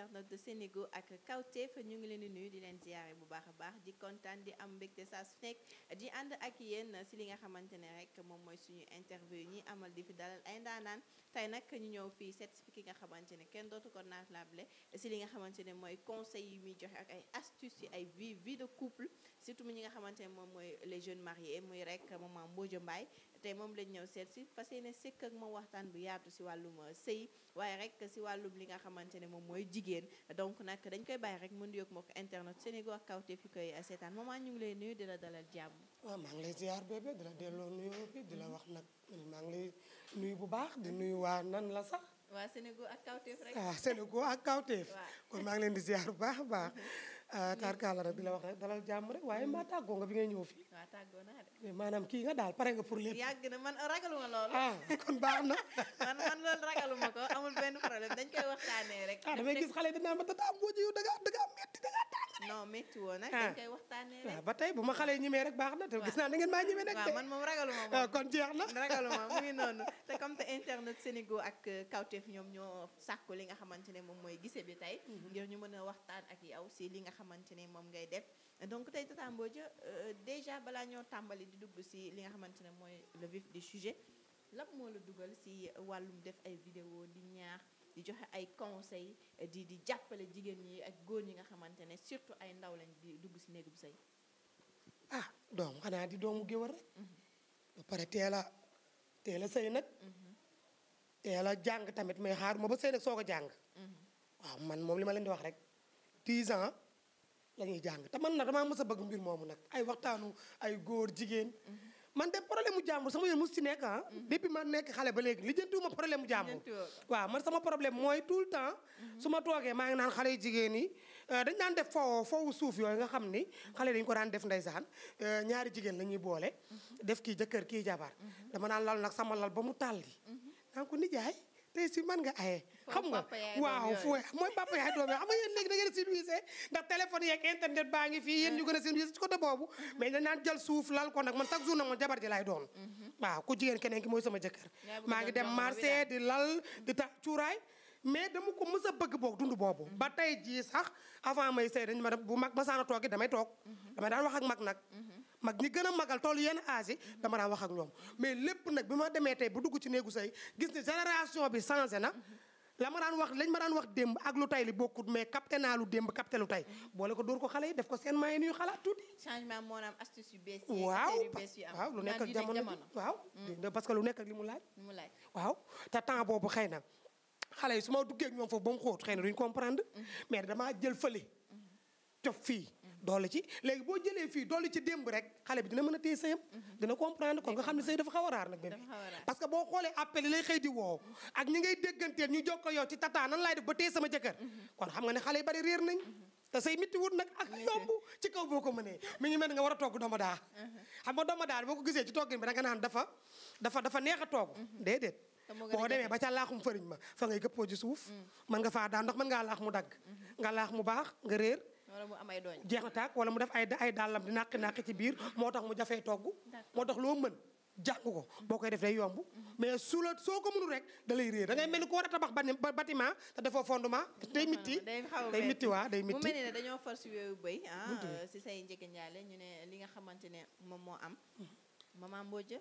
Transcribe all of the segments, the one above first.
internautes de Sénégo ak Kawtef ñu ngi leen di nuyu di leen ziyaare bu baax a baax di kontaan di am mbégte saa su di ànd ak yenn si li nga xamante ne rek moom mooy suñu interview ñi amal di fi dalal ay ndaanaan tey nag ñu ñëw fii certifié ki nga xamante ne kenn dootu ko naatable si li nga xamante ne mooy conseil yi muy joxe ak ay astuces yi ay vie vie de couple surtout ñi nga xamante ne moom mooy les jeunes mariés muy rek maman Mbodia Mbaye tey moom lañ ñëw seet si fas yéene sëkk ak moom waxtaan bu yaatu si wàllum euh, sëy waaye rek si wàllum li nga xamante ne moom mooy jigéen donc nag dañ koy bàyyi rek mën di yokk mbokk internet Sénégal kawte fi koy euh, seetaan ñu ngi lay nuyu di la dalal jàmm. waaw maa ngi lay ziar bébé di la delloo wax nag maa nuyu bu baax di nuyu waa nan la sax. waa Sénégal ak kawteef rek. Ah, waaw Sénégal ak kawteef. kon maa leen di ziar bu baax baax. Euh, kaarkaala rek di la wax rek dalal jàmm rek waaye mbaa tàggoo nga bi ngay ñëw fii. waaw tàggoo naa de. Eh, maanaam kii nga daal pare nga pour lépp. yàgg na man ragaluma loolu. Ah, kon baax na. man man loolu ragaluma ko amul benn problème dañ koy waxtaanee rek. ah damay gis xale dinaa ma tata am boo jiw da ngaa da ngaa métti da ngaa tàng. Ah. Ah, na te gis naa da ngeen maa ñimee nag. waaw moom ragaluma moom kon jeex na. ragaluma mu ngi noonu ak Kawtef ñoom li nga xamante ne moom mooy gise bi tey mm-hmm. ngir ñu mën a waxtaan ak yow si li nga xamante ne moom ngay def donc tey Tata Mbodji euh, déjà balaa ñoo tàmbali di dugg si li nga xamante ne mooy le di du lap moo la dugal si wàllum def ay vidéo di ñaax di joxe ay conseil di di jàppale jigéen ñi ak góor ñi nga xamante ne surtout ay ndaw lañ di dugg si néegub sëy ah doom xanaa di doomu géwél rek mhm. ba pare teel a sëy nag mhm. teel jàng tamit mais xaaruma ba sëy nag soog a jàng mhm. waaw man moom li ma leen di wax rek 10 ans la ñuy jàng te man na damaa mës a bëgg mbir moomu nag ay waxtaanu ay góor jigéen. Mm-hmm. man de problème mu jàmbur sama yoon mu si nekk ah. Mm-hmm. depuis ma nekk xale ba léegi lijjantiwuma problème mu jàmbur. waaw man sama problème mooy tout le temps. Mm-hmm. su ma toogee maa ngi naan xale yu jigéen yi euh, dañ daan def foo suuf yooyu nga xam ni. xale dañu ko daan def ndeysaan euh, ñaari jigéen la ñuy boole. def kii jëkkër kii jabar dama naan lal nag sama lal ba mu tàlli. naa ko nijaay. tey si mën nga aye xam nga waaw fu mooy papa yaay doom xam nga yéen léegi da ngeen sinuise ndax téléphone yeeg internet baa ngi fii yéen ñu gën a sinuise ci côté boobu mm-hmm. mais dañ naan jël suuf lal ko nag man chaque jour nag man jabar ji laay doon mm-hmm. waaw ku keneen ki mooy sama jëkkër maa ngi dem marché di lal di tax cuuraay mais dama ko mës a bëgg boog dund boobu mm-hmm. ba tey jii sax avant may sëy dañ ma bu mag saana toog damay toog damay daan wax ak mag nag mag ñi gën a magal tool yenn âge dama daan wax ak ñoom mais lépp nag bi ma demee tey bu dugg ci néegu say gis ne génération bi changé na la ma daan wax lañ ma daan wax démb ak lu tay li bokkut mais capté naa lu démb capté lu tay boole ko dóor ko xale yi def ko seen maye nuyu xalaat tuuti. changement moo am astuce yu bees yi. waaw waaw lu nekk ak jamono waaw. Mm. parce que lu nekk ak li mu laaj. li mu laaj waaw te temps boobu xëy na xale yi su ma duggee ak ñoom foofu ba mu xóot xëy na duñ comprendre mm. mais damaa jël fële. cof mm. fii. doole ci léegi boo jëlee fii doole ci démb rek xale bi dina mën a téye sëyam dina comprendre kon nga xam ne sëy dafa xaw a raar nag bébé parce que boo xoolee appel yi lay xëy di woo ngay dégganteel ñu jokko yow ci tata nan laay ba téye sama jëkkër kon xam nga ne xale yi bari réer nañ te say mitti nag ak yomb ci kaw boo ko mënee mi ngi mel nga war a togg domodaa xam nga domodaa boo ko gisee ci toggin bi da nga naan dafa dafa dafa neex a togg déedéet boo demee ba ca laaxum fëriñ ma fa ngay gëppoo ci suuf mm. mën nga faa daan ndox mën ngaa laax mu dagg mm-hmm. nga laax mu baax nga réer wala mu am ay jeex na tàkk wala mu def ay ay dàllam di nàqi nàqi ci biir mm-hmm. moo tax mu jafee togg moo tax loo mën jàng ko mm-hmm. boo koy def day yomb mm-hmm. mais su la soo ko mënul rek da lay réer da ngay mel ni ko war a tabax ba bâtiment te defoo fondement tey mitti day mitti waa day mitti mu mel ne dañoo far yooyu béy ah si say njëkk njaale ñu ne li nga xamante ne moom moo am maman Mbodja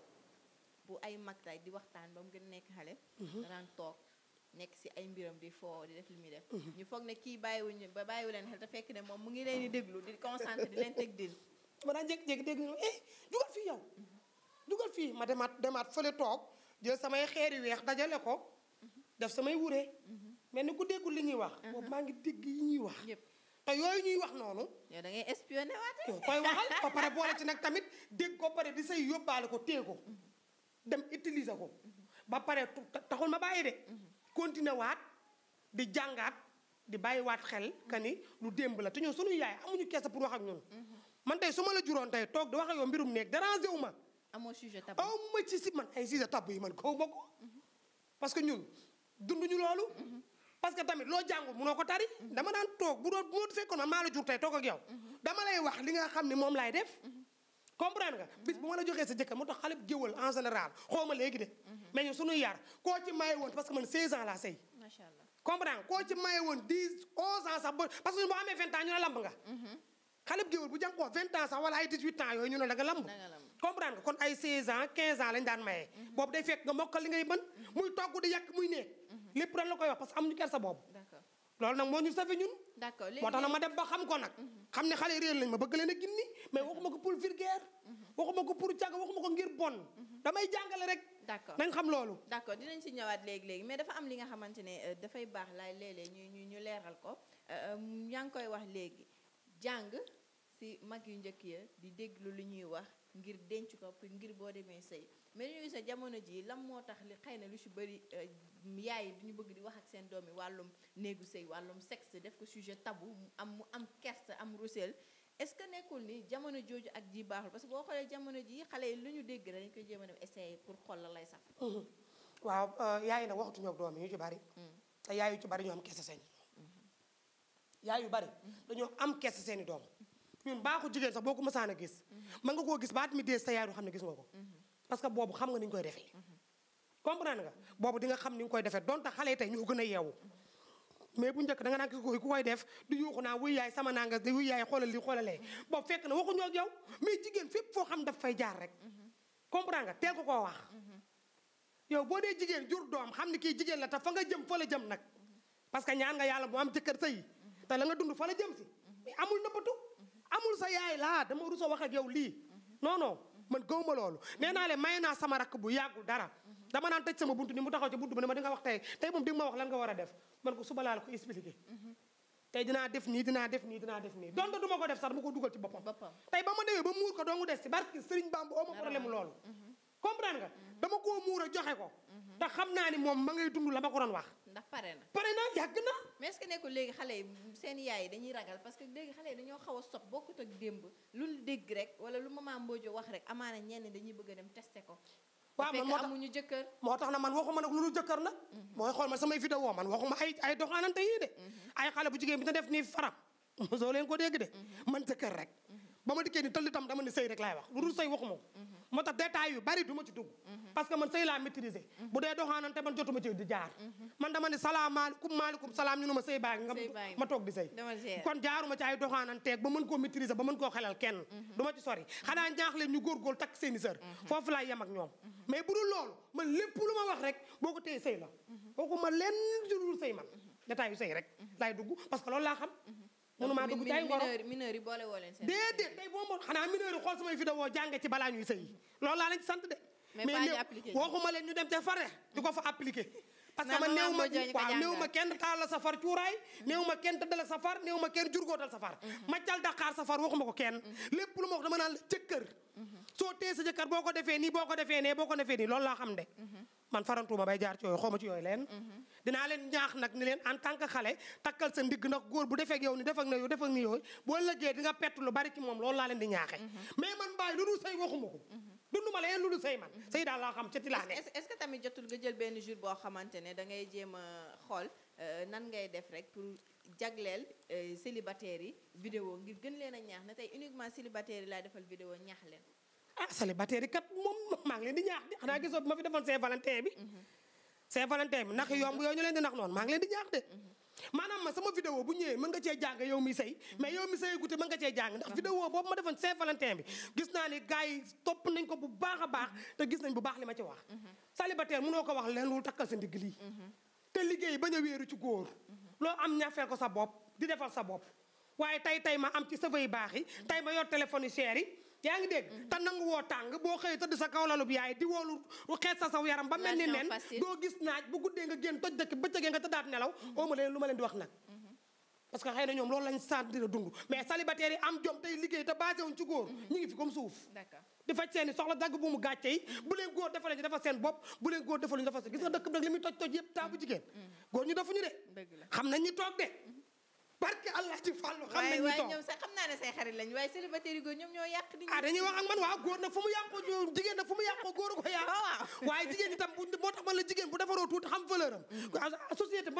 bu ay mag tay di waxtaan ba mu gën a nekk xale daan toog nekk si ay mbiram di foo di def li muy def. Mhm. ñu foog ne kii bàyyiwuñu ba bàyyiwu leen xel te fekk ne moom mu ngi leen di déglu di concentré di leen teg dil. ma daan jékki-jékki dégg ñu eh dugal fii yow. dugal fii ma demaat demaat fële toog jël samay xeeri weex dajale ko. Mhm. def samay wure mhm. mel ni ku déggul li ñuy wax. boobu maa ngi dégg yi ñuy wax. te yooyu ñuy wax noonu. yow da ngay espionné waate. yow koy waxal ba pare boole ci nag tamit dégg ko pare di say yóbbaale ko téye ko. dem utiliser ko. ba pare taxul ma bàyyi de. continuer waat di jàngaat di bàyyi waat xel ka ni lu démb la te ñun suñu yaay amuñu kees pour wax ak ñun. Mm-hmm. man tey su ma la juróon tey toog di wax ak yow mbirum néeg déranger wu ma. amoo sujet tabou aw ma ci si man ay sujet tabou yi man kaw bokk. Mm-hmm. parce que ñun dunduñu loolu. Mm-hmm. parce que tamit loo jàngul munoo ko tari. dama daan toog bu doon bu ma fekkoon man maa la jur tey toog ak yow. dama lay wax li nga xam ne moom laay def. comprendre nga bis bu ma la joxee sa jëkkër moo tax xale bu géwal en général xaw léegi de mhm. mais ñun suñuy yar koo ci maye woon parce que man 16 ans laa sëy macha allah mhm. ans yooyu ñu ne da lamb comprendre nga kon ay 16 ans 15 ans lañu daan maye. Mhm. boobu day fekk nga mokkal li ngay mën muy togg di yàq muy nekk lépp dañ la koy wax parce que amuñu kersa boobu loolu nag moo ñu safi ñun d'accord moo tax nag ma dem ba xam ko nag mhm. xam ne xale réer lañ ma bëgg leen a gindi mais waxuma ko pour vulgaire mhm. waxuma ko pour càgg waxuma ko ngir bon mhm. damay jàngale rek d'accord nañ xam loolu d'accord dinañ si ñëwaat léegi-léegi mais dafa am li nga xamante ne euh, dafay baax laay léeg-léeg ñu ñu ñu leeral ko euh, euh, yaa ngi koy wax léegi jàng si mag yu njëkk ya di déglu lu ñuy wax ngir denc ko pour ngir boo demee sëy mais dañu gis ne jamono ji lan moo tax li xëy na lu si bëri euh, yaay yi ñu bëgg di wax ak seen doom yi wàllum néegu sëy wàllum sex def ko sujet tabu am mu am kersa am rusel est-ce que nekkul ni jamono jooju ak ji baaxul parce que boo xoolee jamono ji xale yi lu ñu dégg rek dañu koy jéem a dem essayer pour xool la lay saf mm-hmm. waaw euh, yaay na waxatuñu ak doom yi ñu ci bari mm-hmm. te yaay yu ci bari ñoo am kersa seen mm-hmm. yaay yu bari dañoo am kersa seeni doom ñun baaxu jigéen sax boo ko mësaan a gis man nga koo gis baat mi dee sa yaay gis nga ko que boobu xam nga ni koy defee comprendre nga boobu di nga xam ni ñu koy defee donte xale tey ñoo gën a yeewu mais bu njëkk da nga naan ki ku koy def du naa wuy yaay sama nanga yaay xoolal li xoolalee boobu fekk na waxuñoo yow mais jigéen fépp foo xam daf fay jaar rek comprendre nga teel ko koo wax yow boo dee jigéen jur doom xam ni kii jigéen la te fa nga jëm fa la jëm nag parce que ñaan nga yàlla mu am jëkkër sëy te la nga dund fa la jëm si mais amul nëppatu amul sa yaay laa dama rus a wax ak yow lii non non man gëwuma loolu nee naa leen may naa sama rakk bu yàggu dara dama naan tëj sama buntu ni mu taxaw ci buntu bi ne ma di nga wax tey tey moom di ma wax lan nga war a def man ko suba laa la ko expliqué tey dinaa def nii dinaa def nii dinaa def nii donte ko def sax dama ko dugal ci boppam tey ba ma demee ba muur ko doongu des si barki Sëriñ Bamba oo ma problème loolu mhm. comprendre nga. dama koo muur a joxe ko. te xam naa ni moom ma ngay dund la ma ko doon wax. ndax pare na pare na yàgg na. mais est-ce que léegi xale yi seen yaay yi dañuy ragal parce que léegi xale dañoo xaw a sob bokkut ak démb lu dégg rek wala lu ma maman Mbodio wax rek amaana ñenn dañuy bëgg a dem testé ko. waaw moo tax amuñu jëkkër moo tax na man waxuma nag lu jëkkër nag. Mhm. moo xool ma samay vidéo man waxuma ay ay doxaanante yii de. Mhm. ay xale bu jigéen bi na def nii faram. soo leen ko dégg de mhm. man jëkkër rek ba ma dikkee ni tëll tam dama ni sëy mhm. mhm. man mhm. dee doxaanante man jotuma ci di jaar man dama ni salaamaaleykum maaleykum salaam ñu ne ma sëy baa nga ma toog di sëy kon jaaruma koo maîtriser ba mën koo xelal kenn du ma ci sori xanaa ñaax leen ñu góorgóor takk seen i sër foofu laay yem ak ñoom mais bu dul loolu man lépp lu ma wax rek boo ko téye sëy la waxuma lenn lu dul sëy man détails yu rek laay dugg parce que loolu laa xam mënumaa dugg ci ay woro mineur yi boole woo leen seen déedéet tey boo ma xanaa mineur yi xool samay vidéo jànge ci balaa ñuy sëy loolu laa leen ci sant de mais waxuma leen ñu dem te fare ko fa appliqué parce que man néew ma waaw néew ma kenn taal la safar cuuraay mhm. néew ma kenn tëddal safar néew ma kenn jurgóotal safar mhm. maccal daqaar safar waxuma ko kenn mhm. lépp lu ma wax dama la jëkkër soo tee sa jëkkër boo ko defee nii boo ko defee nee boo ko defee nii loolu laa xam de. Mhm. man farantuma bay jaar ci yooyu xaw ci yooyu leen. Mhm. dinaa leen ñaax nag ni leen en tant que xale takkal sa ndigg ndax góor bu defee ak yow ni def ak na yow def ak ni yooyu boo lëggee di nga pett lu bari ci moom loolu laa leen di ñaaxee. Mhm. mais man bàyyi lu dul say waxuma ko. dundu ma leen lu dul say man. say daal laa xam ca ti laa ne. est-ce que tamit jotul nga jël benn jour boo xamante ne da ngay jéem a xool euh, nan ngay def rek pour jagleel euh, célibataires yi vidéo ngir gën leen a ñaax ne tey uniquement célibataires yi laay defal vidéo ñaax leen. ah célibataire yi kat moom maa ngi leen di ñaax de xanaa gisoo bi ma fi defoon Saint-Valentin bi. Mhm. Saint-Valentin bi ndax yomb yooyu ñu leen di nax noonu maa ngi leen di ñaax de. Mhm. maanaam ma sama vidéo bu ñëwee mën nga cee jàng yow mi sëy mhm. mais yow mi sëy gute mën nga cee jàng ndax ah. vidéo boobu ma defoon Saint-Valentin bi gis naa ni gars yi topp nañ ko bu baax a baax te gis nañ bu baax li ma ci wax célibataire mënoo ko wax leen lu takkal sa ndigg lii te liggéey bañ ci góor loo am ñafeel ko sa bopp di defal sa bopp waaye tey tey ma am ci sëfay baax yi tey ma yor téléphone yu yi yaa ngi dégg mm-hmm. te nangu woo tàng boo xëyee tëdd sa kaw lalub yaay di woolu xees sa saw yaram ba mel ni nen doo gis naaj bu guddee nga génn toj dëkk bëccëgee nga tëddaat nelaw oo mm-hmm. ma leen lu ma leen di wax nag mm-hmm. parce que xëy na ñoom loolu lañ sentir dund mais célibataire am jom tey liggéey te basé wuñ ci góor ñu i soxla dagg bu mu gàcce yi bu leen góor defalee ñu defal seen bopp bu leen góor defalee ñu defal seen gis nga dëkk bi nag li muy toj toj yëpp taa jigéen góor ñu defuñu de xam nañ ñi toog de barke allah ci fàllu xam xam naa ne say xarit lañ waaye célibataire yi ñoom ñoo yàq di ah dañuy wax man waaw góor nag fu mu yàqoo jigéen nag fu mu yàqoo góor ko yàq oh, waaw waaye jigéen itam bu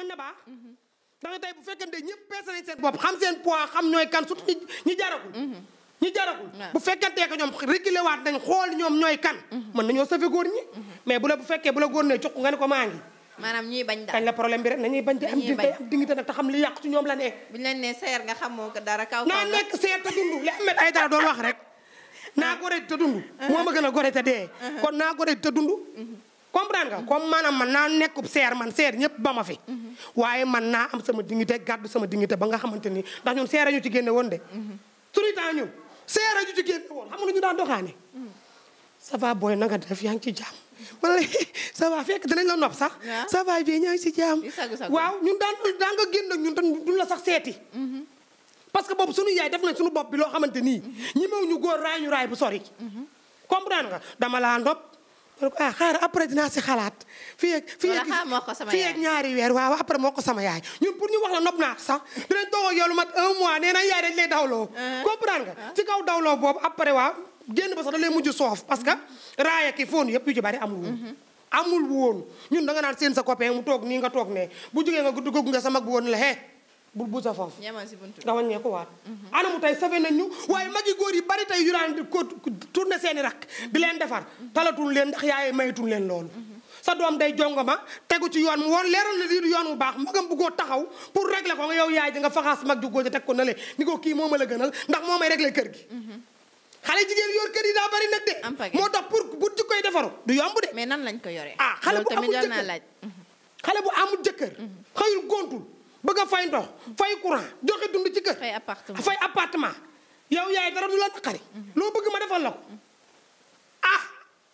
mm-hmm. ah, na baax ndax mm-hmm. tey bu fekkante ñëpp peese nañ seen bopp xam seen poids xam ñooy kan surtout mm-hmm. bu fekkantee ko ñoom réguler nañ xool ñoom ñooy kan mën nañoo safe góor ñi mais bu la bu fekkee bu la góor ne jox nga ne ko maa ngi maanaam ñuy bañ daal kañ la problème bi rek nañuy bañ. nañuy bañ am dignité nag te xam li yàqu ci ñoom la ne. bu ñu seer nga xamoo ko dara kaw kaw la naa nekk seer doon wax rek. naa gore te dund. moo ma gën a gore te dee. Uh-huh. kon naa gore te dund. Uh-huh. comprendre nga maanaam man naa nekkub seer man seer ñëpp ba ma fi. Uh-huh. waaye man naa am sama dignité gàddu sama dignité ba nga xamante ni ndax ñun seer ñu ci génne woon de. tout le temps ñun seer ñu ci génne woon nga ñu daan doxaane. ça va booy na nga def yaa ngi ci jàmm man la ça va fekk nopp sax. ça va bien si ngi waaw ñun daan daan nga génn ak ñun te la sax seeti. Mm-hmm. parce que boobu sunu yaay def nañ sunu bopp bi loo xamante ni mm-hmm. ñi mew ñu góor raay ñu raay bu sori. Mm-hmm. comprendre nga dama laa nopp. ah xaaral après dinaa si xalaat. fii ak fii ak fii ak ñaari weer waaw après moo ko sama yaay ñun pour ñu wax la nopp naa ko sax dinañ toog ak yow lu mat nee na yaay dañ lay dawloo. Uh-huh. comprendre nga uh-huh. ci kaw dawloo boobu après waaw. génn ba sax da lay mujj soof parce que raaya ki foon yëpp yu ci bari amul woon amul woon ñun danga nga naan seen sa copain mu toog nii nga toog ne bu jógee nga dugg nga sa mag bu woon la hee bul bu sa foofu nga wàññeeku waat mhm. anamu tey safe nañ ñu waaye magi góor yi bari tey yu daan ko tourné seeni rak di leen defar mhm. talatul leen ndax yaaye mayitul leen loolu mhm. sa doom day jongoma tegu ci yoon mu woon leeral na lii du yoon bu baax magam bëggoo taxaw pour régler ko nga yow yaay ji nga faxaas mag ju góor ji teg ko na le ni ko kii moo ma la gënal ndax moo may régler kër gi xale jigéen yor kër yi daa bari nag de. am pàcc moo tax pour bu koy defaru du yomb de. mais nan lañ ko yoree. ah xale bu amul jëkkër xale bu amul jëkkër. Mhm. xëyul gontul bëgg a fay ndox fay courant joxe dund ci kër. fay appartement fay appartement yow yaay dara du la taqari. Mhm. loo bëgg ma defal la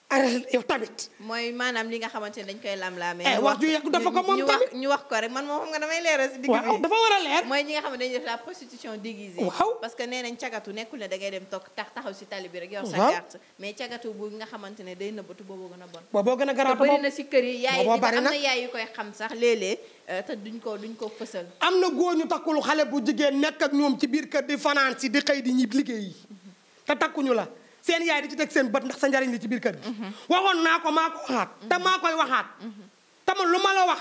arrêté yow tamit. mooy maanaam li nga xamante ne dañ koy lamlaamee. Eh, wax ju yàgg dafa ko moom tamit ñu wax ko rek man moom xam nga damay leeral si digg bi dafa war a leer. mooy ñi nga xam ne dañuy def la prostitution déguisée. waaw parce que nee nañ cagatu nekkul ne da ngay dem toog tax taxaw si tali bi rek. yor sa carte mais cagatu bu nga xamante ne day nëbbatu booboo gën a bon. booboo gën a garaaw bari na si kër yi yaay yi am na yaay yu koy xam sax léeg-léeg euh, te duñ ko duñ ko fësal. am na góor ñu takkul xale bu jigéen nekk ak ñoom ci biir kër di fanaan si di xëy di ñib liggéey te takkuñu la seen yaay di ci teg seen bët ndax sa njariñ li ci biir kër gi mm-hmm. waxoon naa ko maa ko waxaat te mm-hmm. maa koy waxaat mm-hmm. te lu ma la wax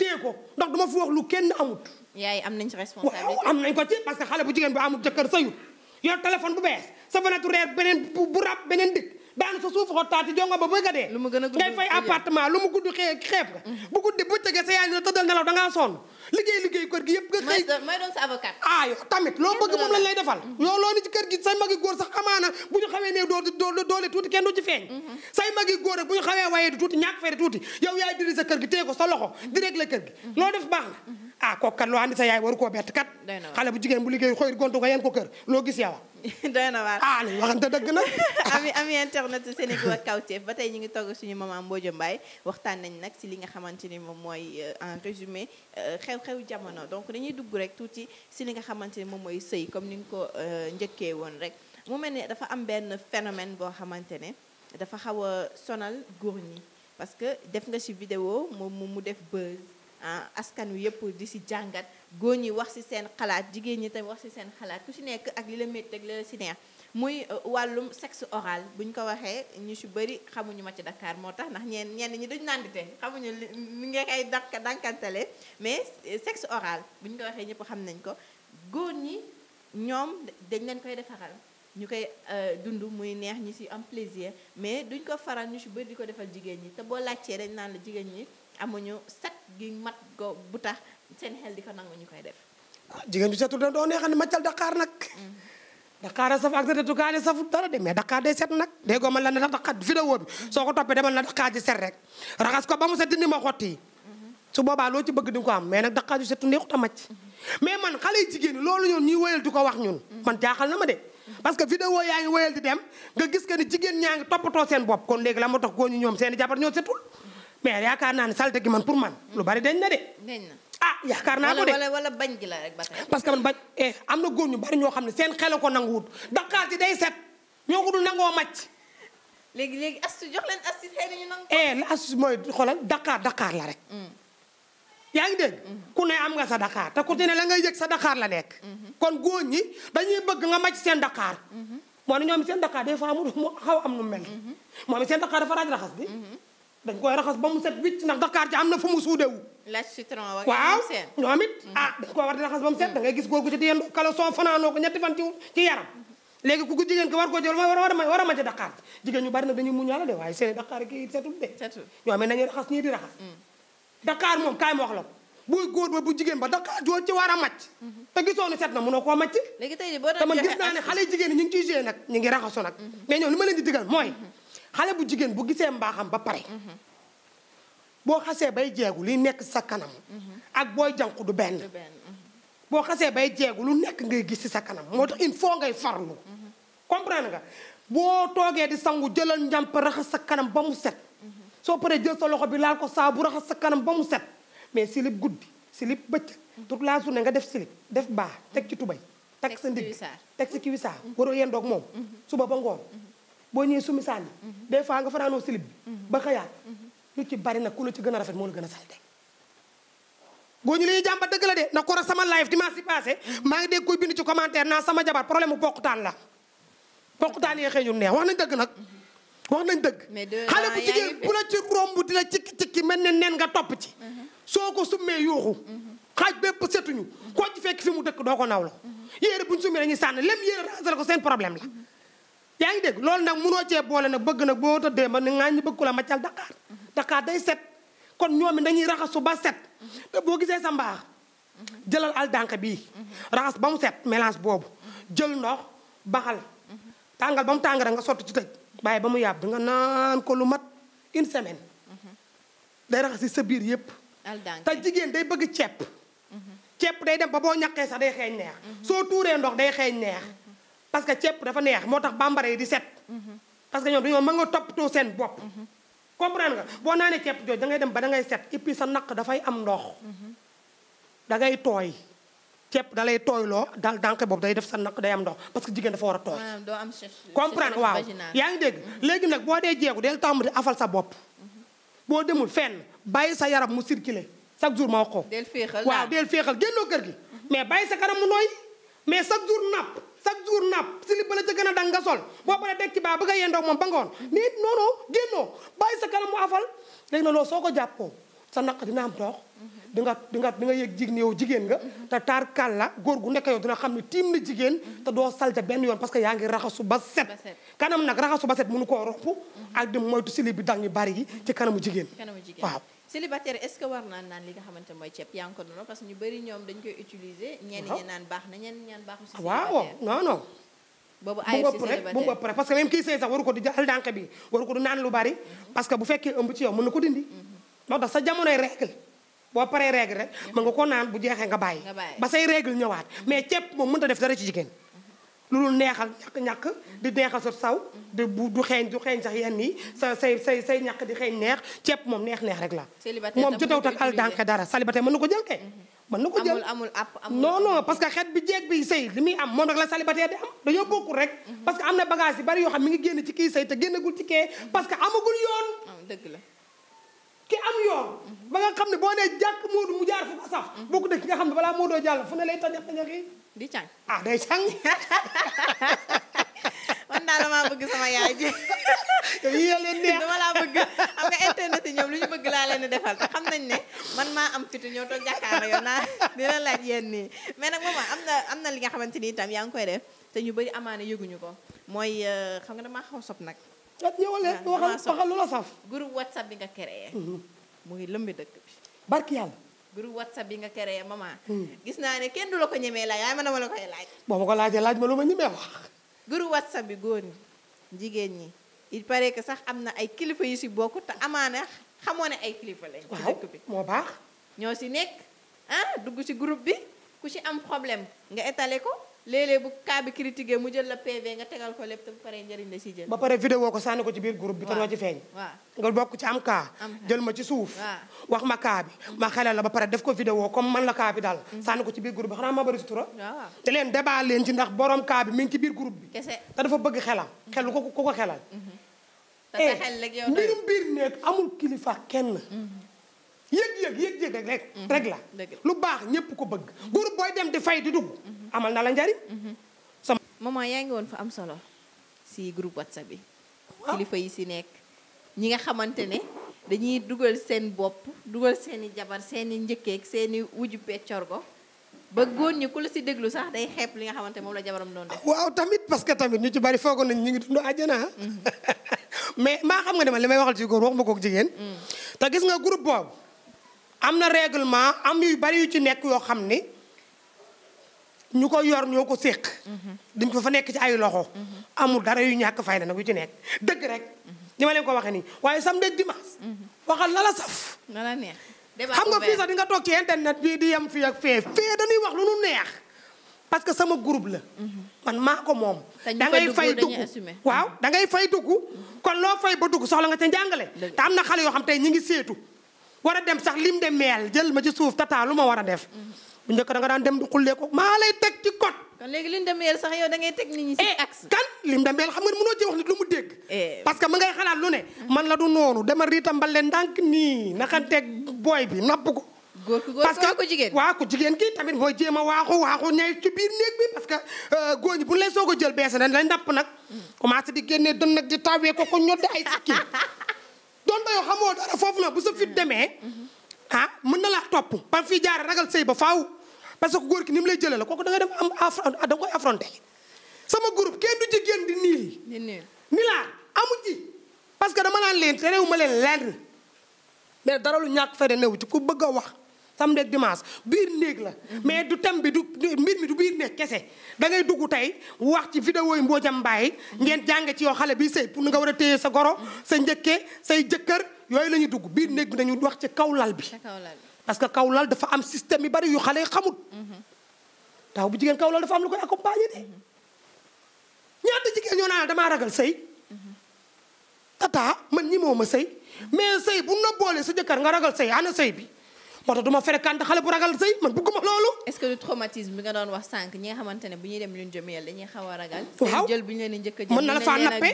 téye ko ndax du ma fi lu kenn amut yaay am nañ ci responsabilité am nañ ko ci parce que xale bu jigéen bu amut jëkkër sëyu yor téléphone bu bees sa fenêtre reer beneen bu rab beneen dëkk daan sa suuf xottaati jongo ba bëgg a dee ngay fay appartement lu mu gudd xee xeeb nga bu guddi bu tëgee sa yaay dina tëddal nelaw da ngaa sonn liggéey liggéey kër gi yëpp nga xëy mooy doon sa avocat ah yow tamit loo bëgg moom lañ lay defal mm-hmm. yow loolu ci kër gi say magi góor sax amaana bu ñu xawee ne doole tuuti kenn du ci feeñ mm-hmm. say magi góor rek bu ñu xawee waaye di tuuti ñàkk fee di tuuti yow yaay diri sa kër gi téye ko sa loxo di la kër gi mm-hmm. loo def baax na ah koo bett kat bu jigéen bu liggéey xëy gontu nga yeen ko kër loo gis yow doy na waar a ah, li waxante dëgg na ami ami internet Sénégal ak Kawtef ba tey ñu ngi togg suñu maman Mbodio Mbaye waxtaan nag si li nga xamante ni moom mooy euh, en résumé euh, xew xew jamono donc dañuy dugg rek tuuti si li nga xamante ni moom mooy sëy comme ni nga ko euh, njëkkee woon rek mu mel ni dafa am benn phénomène boo xamante ne dafa xaw a sonal góor ñi parce que def nga ci vidéo moom mu def buzz ah, askan wi yëpp di ci jàngat góor ñi wax ci seen xalaat jigéen ñi tamit wax ci seen xalaat ku si nekk ak li la métti ak la si neex muy euh, wàllum sexe oral bu ñu ko waxee ñu si bëri xamuñu ma ci Dakar moo tax ndax ñeen ñenn ñi duñ nandite xamuñu li nga koy dank dànkantale mais euh, sexe oral bu ñu ko waxee ñëpp xam nañ ko góor ñi ñoom dañ leen koy defaral ñu koy euh, dund muy neex ñu si am plaisir mais duñ ko faral ñu si bëri di ko defal jigéen ñi te boo laajtee dañ naan la jigéen ñi amuñu set gi mat ko bu tax seen xel di ko nangu ñu koy def. Ah, jigéen du setul doo neexal ne màccal Dakar nag. Mm. Dakar a saf ak Sénégal tuukaay la safut dara de mais Dakar day set nag déggoo ma la ne tax Dakar vidéo bi soo ko toppee demal na Dakar ji set rek raxas ko ba mu set dindi ma xotti su boobaa loo ci bëgg di nga ko am mais nag a màcc mais man xale yi jigéen loolu ñun ñuy woyal di ko wax ñun man jaaxal na ma de parce que vidéo yaa ngi woyal di dem nga gis que ni jigéen ñaa ngi toppatoo seen bopp kon léegi la ma tax góor ñi ñoom seen jabar ñoo setul mais yaakaar naa ne salte gi man pour man lu bari dañ na de. dañ ah yaakaar naa ko de wala wala bañ gi la rek ba tey parce que eh, am na góor ñu bari ñoo xam ne seen xel ko nanguwut daqaar ci day set ñoo ko dul nangoo màcc. léegi léegi astuce jox leen astuce xëy na ñu nangu. eh la astuce xoolal daqaar daqaar la rek. Mm. yaa ngi dégg mm-hmm. ku ne am nga sa daqaar te ku ci la ngay yëg sa daqaar la nekk. Mm-hmm. kon góor ñi dañuy bëgg nga màcc seen daqaar. Mm-hmm. moo ne ñoom seen daqaar des fois mu xaw am nu mel. moom seen daqaar dafa raaj raxas bi. dañ koy raxas ba mu set wicc ndax Dakar ci am na fu mu suudewu laaj citron waaw ñoom it ah dañ koy war di raxas ba mu set mm. da ngay gis góor gu ci di yendu caleçon fanaanoo ko ñetti fan ci yaram léegi ku ko jigéen ko war koo jël war war a màcc Dakar jigéen ñu bari na dañuy muñaale de waaye seen Dakar kii setul de ñoom it nañuy raxas ñii di raxas mm. Dakar moom kaay ma wax la ko buy góor ba bu jigéen ba Dakar joo ci war a màcc mm-hmm. te gisoonu set na mënoo koo màcc te man gis naa ne xale jigéen ñi ngi ciy joué nag ñu ngi raxasu nag mm-hmm. mais ñoom li ma leen di digal mooy mm-hmm. xale bu jigéen bu gisee mbaaxam ba pare. boo xasee bay jeegu liy nekk sa kanam. ak booy jànku du benn. Mhm. boo xasee bay jeegu lu nekk ngay gis si sa kanam moo tax il faut ngay farlu. Mhm. comprendre nga boo toogee di sangu jëlal njàmp raxas sa kanam ba mu set. Mhm. soo paree jël sa loxo bi laal ko saabu raxas sa kanam ba mu set mais silib guddi silib bëccëg. toute la journée nga def silib def baax teg ci tubéy teg sa ndigg teg sa kiwisaar waroo yendoog moom suba ba ngoon. boo ñëwee sumi sànni mhm. des fois nga fanaanoo silib bi mhm. ba xëyaat ñu mhm. ci bari nag ku la ci gën a rafet moo la gën a salte góor ñu li dëgg la de na koro sama live dimanche si passé maa ngi dégg koy bind ci commentaire naa sama jabar problème mu bokkutaan la bokkutaan yee xëy ñu neex wax dëgg nag wax nañ dëgg xale bu jigéen bu la ci romb di la cikki mel ne neen nga topp ci soo ko summee yuuxu xaaj bépp setuñu koo ci fekk fi mu dëkk doo ko naw la yéere buñ summee dañuy sànn lem yéere raasal ko seen problème la yaa ngi dégg loolu nag munoo cee boole nag bëgg nag boo tëddee ba ne ŋaañ bëgg ku la maccal Dakar Dakar day set kon ñoom it dañuy raxasu ba set te boo gisee sa mbaax jëlal al dànk bii raxas ba mu set mélange boobu jël ndox baxal tàngal ba mu tàng rek nga sottu ci tëj bàyyi ba mu yàbb nga naan ko lu mat une semaine day raxasi sa biir yépp te jigéen day bëgg ceeb mhm. ceeb day dem ba boo ñaqee sax day xeeñ neex mhm. soo tuuree ndox day xeeñ neex parce que ceeb dafa neex moo tax bambara yi di set. parce que ñoom dañoo mën nga toppatoo seen bopp. comprendre nga boo naanee ceeb jooju da ngay dem ba da ngay set et puis sa naq dafay am ndox. da ngay tooy. ceeb da lay tooyloo daal dànk boobu day def sa naq day am ndox parce que jigéen dafa war a tooy. doo am comprendre waaw yaa ngi dégg. léegi nag boo dee jeegu del tàmm di afal sa bopp. boo demul fenn bàyyi sa yaram mu circuler chaque jour ma wax ko. del féexal waaw del féexal génnoo mais bàyyi sa kanam mu nooy mais chaque jour napp. chaque jour napp si li bala ca gën a dang nga sol boo paree teg ci baa bëgg a yendoog moom ba ngoon nit non génnoo bàyyi sa kanamu mu afal léegi na loo soo ko jàppoo sa naq dina am toox mhm. di nga di nga di nga yëg jig ni yow jigéen nga mhm. te taar kàlla góor gu nekk yow dina xam ne tiim na jigéen mhm. te doo salte benn yoon parce que yaa ngi raxasu ba set kanam nag raxasu ba set mënu koo romp ak di moytu silib dang yu bari yi ci kanamu jigéen waaw célibataire est-ce que war naa naan li nga xamante mooy ceeb yaa ngi ko doon parce que ñu bëri ñoom dañ koy utiliser. ñenn ñi naan baax na ñenn ñi naan baaxul si célibataire waaw non non. boobu ayib si célibataire parce que même kii sax waru ko di jël dànk bi waru ko di naan lu bari. Mhm. parce que bu fekkee ëmb ci yow mën na ko dindi. Mhm. moo tax sa jamonoy règle boo paree règle rek mhm. mën nga ko naan bu jeexee nga bàyyi. ba say règle ñëwaat mais ceeb moom mënta def dara ci jigéen lu dul neexal ñàkk-ñàkk di neexal sa saw di bu du xeeñ du xeeñ sax yenn yi sa say say say di xeeñ neex ceeb moom neex-neex rek la moom jotewut ak al dànke dara célibataire mën na ko jël kay mhm. mën na ko jël amul amul non non parce que xet bi jeeg bi sëy li muy am moom rek la di am dañoo bokkul rek mhm. parce que am na bagage yi bari yoo xam mi ngi génn ci kii sëy te génnagul ci kee mhm. parce que amagul yoon ah, dëgg la ki am yoon ba nga xam ne boo nee jàkk moodu mu jaar fu ko saf bokku dëkk ki nga xam ne balaa moodoo jàll di càng ah day càng man daal damaa bëgg sama yaay ji yii leen neex dama laa bëgg xam nga internet yi ñoom lu ñu bëgg laa leen di defal te xam nañ ne man maa am fitu ñëw toog jàkkaarloo yow naa dina laaj yéen nii mais nag mooma am na am na li nga xamante ni itam yaa ngi koy def te ñu bëri amaane yëguñu ko mooy xam nga damaa xaw sob nag yowale waxal waxal lu la saf groupe whatsapp bi nga créé mu ngi lëmbi dëkk bi groupe whatsapp bi nga créé maman. Hmm. gis naa ne kenn du la ko ñemee laaj waaye man dama la koy laaj. boo ma ko laajee laaj ma lu ma ñemee wax. groupe whatsapp bi góor ñi jigéen ñi il pare que sax am na ay kilifa yu si bokk te amaana xamoo ne ay kilifa lañ. ci dëkk bi moo baax. ñoo si nekk ah dugg si groupe bi ku si am problème nga étalé ko. léeg bu cas bi critiqué mu jël la PV nga tegal ko lépp te la si ba pare vidéo ko sànni ko ci biir groupe bi. te doo ci feeñ. nga bokk ci am cas. jël ma ci suuf. wax ma kaa bi ma xelal la ba pare def ko vidéo comme man la kaa bi daal. Mm-hmm. sànni ko ci biir groupe bi xanaa ma bëri sutura. te leen débat leen ci ndax borom cas bi mi ngi ci biir groupe bi. kese te dafa bëgg xelam. Mm-hmm. xelu ko ko ko xelal. Mm-hmm. te sa eh, xel rek mbirum biir nekk amul kilifa kenn. yëg-yëg yëg-yëg rek rek la. lu baax ñëpp ko bëgg. groupe booy dem di fay amal na la njariñ mhm. sama maman yaa ngi woon fa am solo si groupe whatsapp bi kilifa yi si nekk ñi nga xamante ne dañuy dugal seen bopp dugal seeni jabar seeni njëkkeek seeni wuju ko ba góor ñi ku la si déglu sax day xeeb li nga xamante moom la jabaram doon def waaw tamit parce que tamit ñu ci bari foogoon nañ ñu ngi dund àjjana mhm. mais maa xam nga ne li may waxal ci góor wax ma kook jigéen mm. te gis nga groupe boobu am na règlement am yu bari yu ci nekk yoo xam ni ñu ko yor ñoo ko séq mhm. dañ ko fa nekk ci ay loxo mhm. amul dara yu ñàkk fayda nag yu ci nekk dëgg rek mhm. ni ma leen ko waxee nii waaye samedi ak dimanche waxal la la saf na la neex xam nga fii sax di nga toog ci internet bii di yem fii ak fee fee dañuy wax lu nu neex parce que sama groupe la man maa ko moom da ngay fay dugg waaw da ngay fay dugg kon loo fay ba dugg soxla nga ca njàngale te am na xale yoo xam tey ñi ngi seetu war a dem sax lim de meel jël ma ci suuf tata lu ma war a def bu njëkk da daan dem di xullee ko maa lay teg ci kot. kon léegi li mu demee sax yow da ngay teg nit ñi ci eh, axe. kan li mu demee xam nga mënoo ci wax nit lu mu dégg. Eh. parce que ma ngay xalaat lu ne. man la du noonu dama riita mbale ndànk nii naxanteeg booy bi napp ko. góor ku góor parce que ko jigéen waaw jigéen a waaxu waaxu ñay ci biir néeg parce que euh, góor ñi bu lay soog jël bees nañ lañ napp nag. commencé di génnee doon nag di tawee ko ko ñodde ay sikki doon ba yoo xamoo dara foofu nag bu sa demee ah mën na laa topp ba fii jaar ragal sëy ba faaw parce que góor ki ni mu lay jëlee la kooku da dem am affron da nga koy sama groupe kenn du ci génn di niil. di niil ni laa amu ci. parce que dama naan leen terewu ma leen lenn mais dara lu ñàkk fay newu ci ku bëgg a wax samedi ak dimanche biir néeg la. Mhm. mais du thème bi du mbir mi du biir néeg kese da ngay dugg tey wax ci vidéo yi Mboojam Mbaay mhm. ngeen jàng ci yow xale bi sëy pour nga war a téye sa goro mhm. sa njëkke say jëkkër yooyu la ñuy dugg biir néeg bi dañuy wax ci kaw lal bi. parce que kaw lal dafa am système yu bari yu xale xamut taaw bu jigéen kaw lal dafa am lu koy accompagner de ñaata jigéen ñoo naan damaa ragal sëy tata man ñi moo a sëy mais sëy bu na boolee sa jëkkër nga ragal sëy ana sëy bi moo tax du ma fréquente xale bu ragal sëy man bëgguma loolu. est-ce que du traumatisme bi nga doon wax sànq ñi nga xamante ne bu ñuy dem luñ jëmeel dañuy xaw a ragal. waaw jël bu ñu leen di njëkk a mën na la faa nappe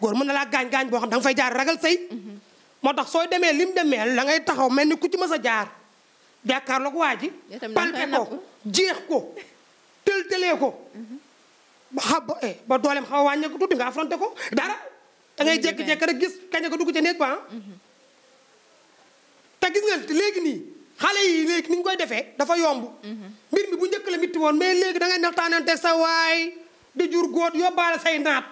mën na laa gaañ gaañ boo xam da nga fay ragal sëy mhm. moo tax sooy demee lim demeel la ngay taxaw mel ni ku ci ma sa jaar jàkkaarloog waa ji. palpe ko jeex ko tëltëlee ko. Mhm. ba xam ba eh ba dooleem xaw a wàññeeku tuuti nga affronté ko dara. da ngay jékki-jékki rek gis kañ ko dugg ca néeg ba ah. mhm. te gis nga léegi nii xale yi léegi ni ñu koy defee dafa yomb. Mhm. mbir mi bu njëkk la mitti woon mais léegi da ngay naxtaanante sa waay di jur góor yóbbaale say naat.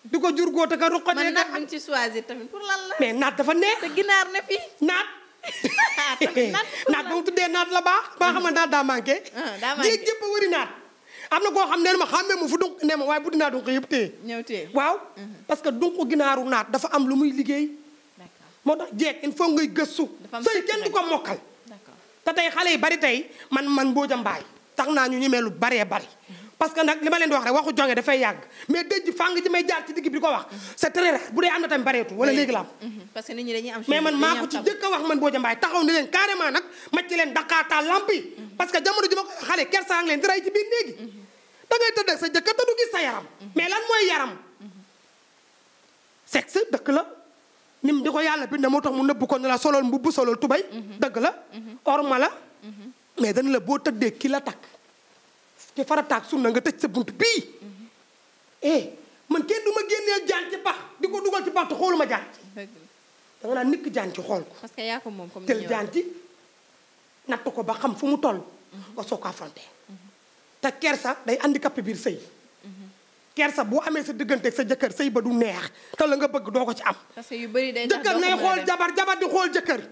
di ko jur góor te ko ruqatee. man naat bi ci choisir tamit pour lan la. naat dafa neex. te ginaar ne fii. naat. naat ba mu tuddee naat la baax. ba xam ne naat daa manqué. Ah, daa manqué jéeg jëpp wëri naat. am na koo xam ne ma xàmmee mu fu dunq ne ma waaye bu dinaa dunq yëpp téye. ñëw waaw. Mhm. parce que dunq ginaaru naat dafa am lu muy liggéey. moo tax jeeg il faut ngay gëstu. sooy kenn du ko mokkal. te tey xale yi bari tey man man Mbodja Mbaye tax naa ñu ñemee lu baree bari parce que nag li ma leen di wax rek waxu jonge dafay yàgg mais dëj fàng ji may jaar ci digg bi di ko wax c'est très bu dee am na tamit bareetu wala léegi la am mm-hmm. Mm-hmm. que nit ñi dañuy am mais man maa ci jëkk a wax man Mbodia Mbaye taxaw ni leen carrément nag ma ci mm-hmm. ji ma ko xale kersaang leen di rey ci biir néegi da ngay tëdd ak sa jëkkër te du gis sa yaram mais lan mooy yaram sexe dëkk la nim di ko yàlla bind moo tax mu nëbb ko ne la mbubb solol tubay dëgg la orma mais dañ la boo tëddee ki la takk ci su na nga tëj sa bunt bii eh, man kenn du ma génneel jaan ci bax di ko dugal ci bax te xooluma jaan ci naan nekk jaan xool parce que yaa ko moom comme tel jaan ci natt ko ba xam fu mu toll nga mhm. soog ko affronté mhm. te kersa day handicapé biir sëy mhm. kersa boo amee sa diggante sa jëkkër sëy ba du neex te la nga bëgg doo ko ci am jëkkër ngay xool jabar jabar di xool jëkkër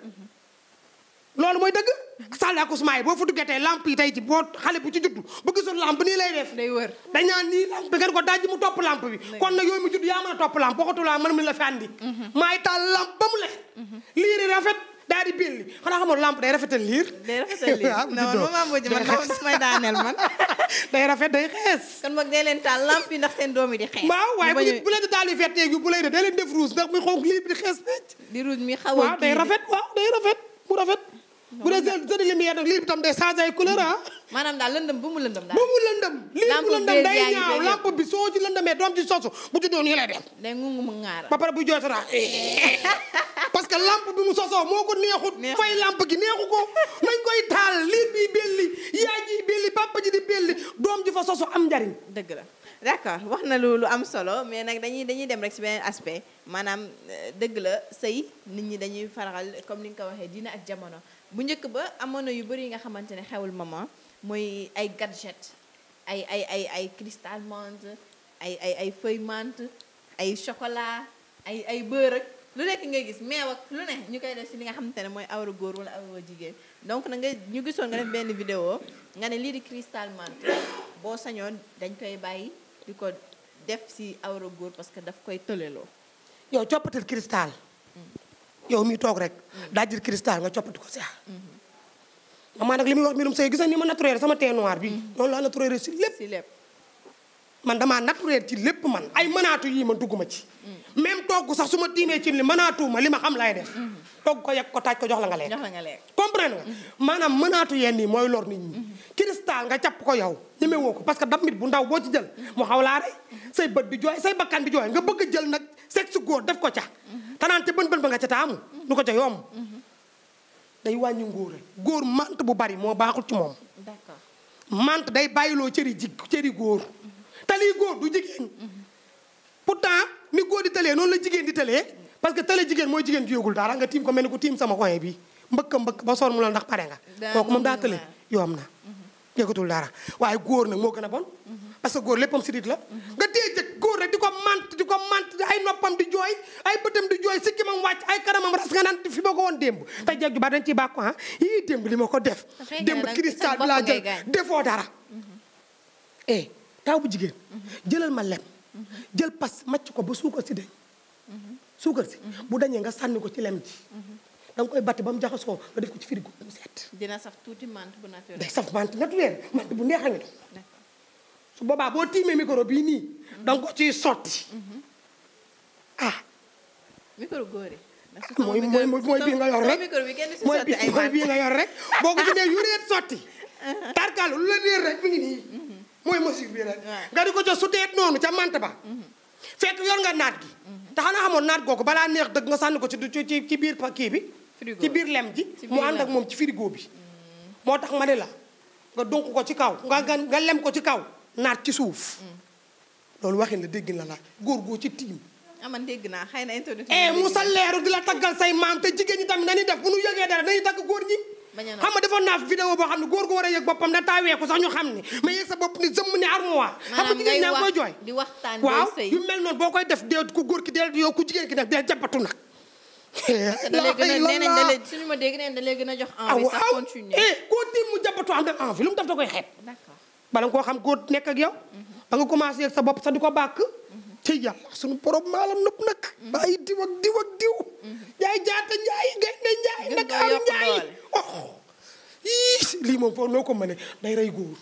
loolu mooy dëgg sàll ak Ousmane boo fa duggee tey yi tey ci boo xale bu ci judd ba gisoon lamp nii lay def day wër dañ naan nii lamp bi gën ko dajji mu topp lamp bi kon nag yooyu mu judd a topp lamp waxatu laa mën mhm. mhm. daal di ah, man day rafet day xees kon boog day leen taal lamp yi ndax seen doom yi di xees waaw waaye bu bu leen di taal yu verte yu bu lay de day leen def rouge ndax muy xonk liir bi di xees di rouge a waaw day rafet waaw day rafet mu rafet bu dee seen seen lumière nag lii tam day changé couleur ah. maanaam daal lëndëm bu mu lëndëm daal. bu mu lëndëm. lii bu lëndëm day ñaaw lamp bi soo ci lëndëmee doom ci sosu bu ci doon ñu dem. day ngungu mu ŋaar. bu jooy sax parce que lamp bi mu sosoo moo ko neexut. fay lamp gi ko nañ koy taal lii bii belli yaay ji belli papa ji di belli doom ji fa sosu am njariñ. dëgg la d'accord wax na lu lu am solo mais nag dañuy dañuy dem rek ci beneen aspect maanaam euh, dëgg la sëy nit ñi dañuy faral comme ni nga ko waxee dina ak jamono bu njëkk ba amoon na yu bëri yi nga xamante ne xewul maman mooy ay gadget ay ay ay ay cristal menthe ay ay ay feuille ay chocolat ay ay beurre ak lu nekk nga gis meew ak lu ne ñu koy def si li nga xamante ne mooy awra góor wala awra jigéen donc na nga ñu gisoon nga def benn vidéo nga ne lii di cristal menthe boo sañoon dañ koy bàyyi di ko def si awra góor parce que daf koy tëleloo yow coppatal cristal mm. yow mi toog rek daa jël cristal nga coppati ko seex maman nag li muy wax mbirum sëy gis na ni ma naturel sama teint noir bi mm-hmm. noonu laa naturel si lépp man damaa naturel ci lépp man ay mënaatu yii dugg ma ci mm-hmm. même togg sax su ma tiimee ci li mënaatu ma li ma xam laay def mm-hmm. togg ko yegg ko taaj ko jox la nga lekk comprendre nga maanaam mënaatu yenn yi mooy lor nit ñi cristal nga jàpp ko yow ñemewoo ko parce que damit bu ndaw boo ci jël mu xaw laa rey say bët di jooy say bakkan nga bëgg jël nag sexe góor def ko ca tanaante bën bën ba nga ca taamu nu ko ca yomb day wàññi ngóor góor mant bu bari moo baaxul ci moom mant day bàyyiloo cëri ji cëri góor tali góor du jigéen pourtant ni góor di tëlee noon la jigéen di tëlee parce que tële jigéen mooy jigéen ju yëgul dara nga tiim ko mel ni ko tiim sama coin bi mbëkk mbëkk ba sonn mu la ndax pare nga kooku moom daa tële yoom na yëgatul dara waaye góor nag moo kën a bon parce que góor léppam sidit la nga téye jëkk góor rek di ko mant di ko mant ay noppam di jooy ay bëtam di jooy sikkimam wàcc ay karamam ras nga naan fi ma ko woon démb te jeeg ju baax dañ ciy bàkku ah yii démb li ma ko def démb cristal bi laa jël defoo dara mm-hmm. eh taaw bu jigéen mm-hmm. jëlal ma lem mm-hmm. jël pas macc ko ba suukar si dañ suukar si bu dañee nga sànni ko ci lem ji da koy batt ba mu jaxasoo nga def ko ci frigo mu set. tuuti menthe bu naturel. day saf menthe naturel menthe bu neex a ngi su boobaa boo tiimee micro bii nii danga ko ciy sotti ah. yi. Ah, mooy mooy mooy bii nga yor rek mooy bii mooy bii nga yor rek boo ko jëlee yuréet sotti. Uh-huh. tarkaal lu la leer rek mi ngi nii. Mm-hmm. mooy musique bi rek. nga di ko jox su teet noonu ca mant ba. Mm-hmm. fekk yor nga naat gi. Mm-hmm. te xanaa xamoon naat googu balaa neex dëgg nga sànni ko ci ci ci biir kii bi. ci biir lem ji mu ànd ak moom ci frigo bi. moo tax ma ne la nga donk ko ci kaw nga nga lem ko ci kaw. naat ci suuf loolu waxin la dégg na la góor goo ci tiim. aman ah, dégg naa xëy na internet eh, musa leeru di la taggal say maam te jigéen ñi tamit nañu def bu ñu yëgee dara nañu tagg góor ñi xam nga defoon naa fi vidéo boo xam ne góor gu war a yëg boppam da taaweeku bopp ni zëmm ni armoire xam koy jooy di waxtaan waaw yu mel noonu boo def dee ku góor ki deel yow ku ma dégg neen da lay gën a jox envie sax continuer koo eh, tiim mu jabatu am def envie lu mu def da koy xeeb bala nga koo xam koo nekk ak yow ba nga commencé sa bopp sax di ko bàkk te yàlla suñu borom maa la nëpp nag bàyyi diw ak diw ak diw njaay jaata njaay gaynde njaay ndakaaru njaay oh lii moom foofu noo ko mënee day rey góor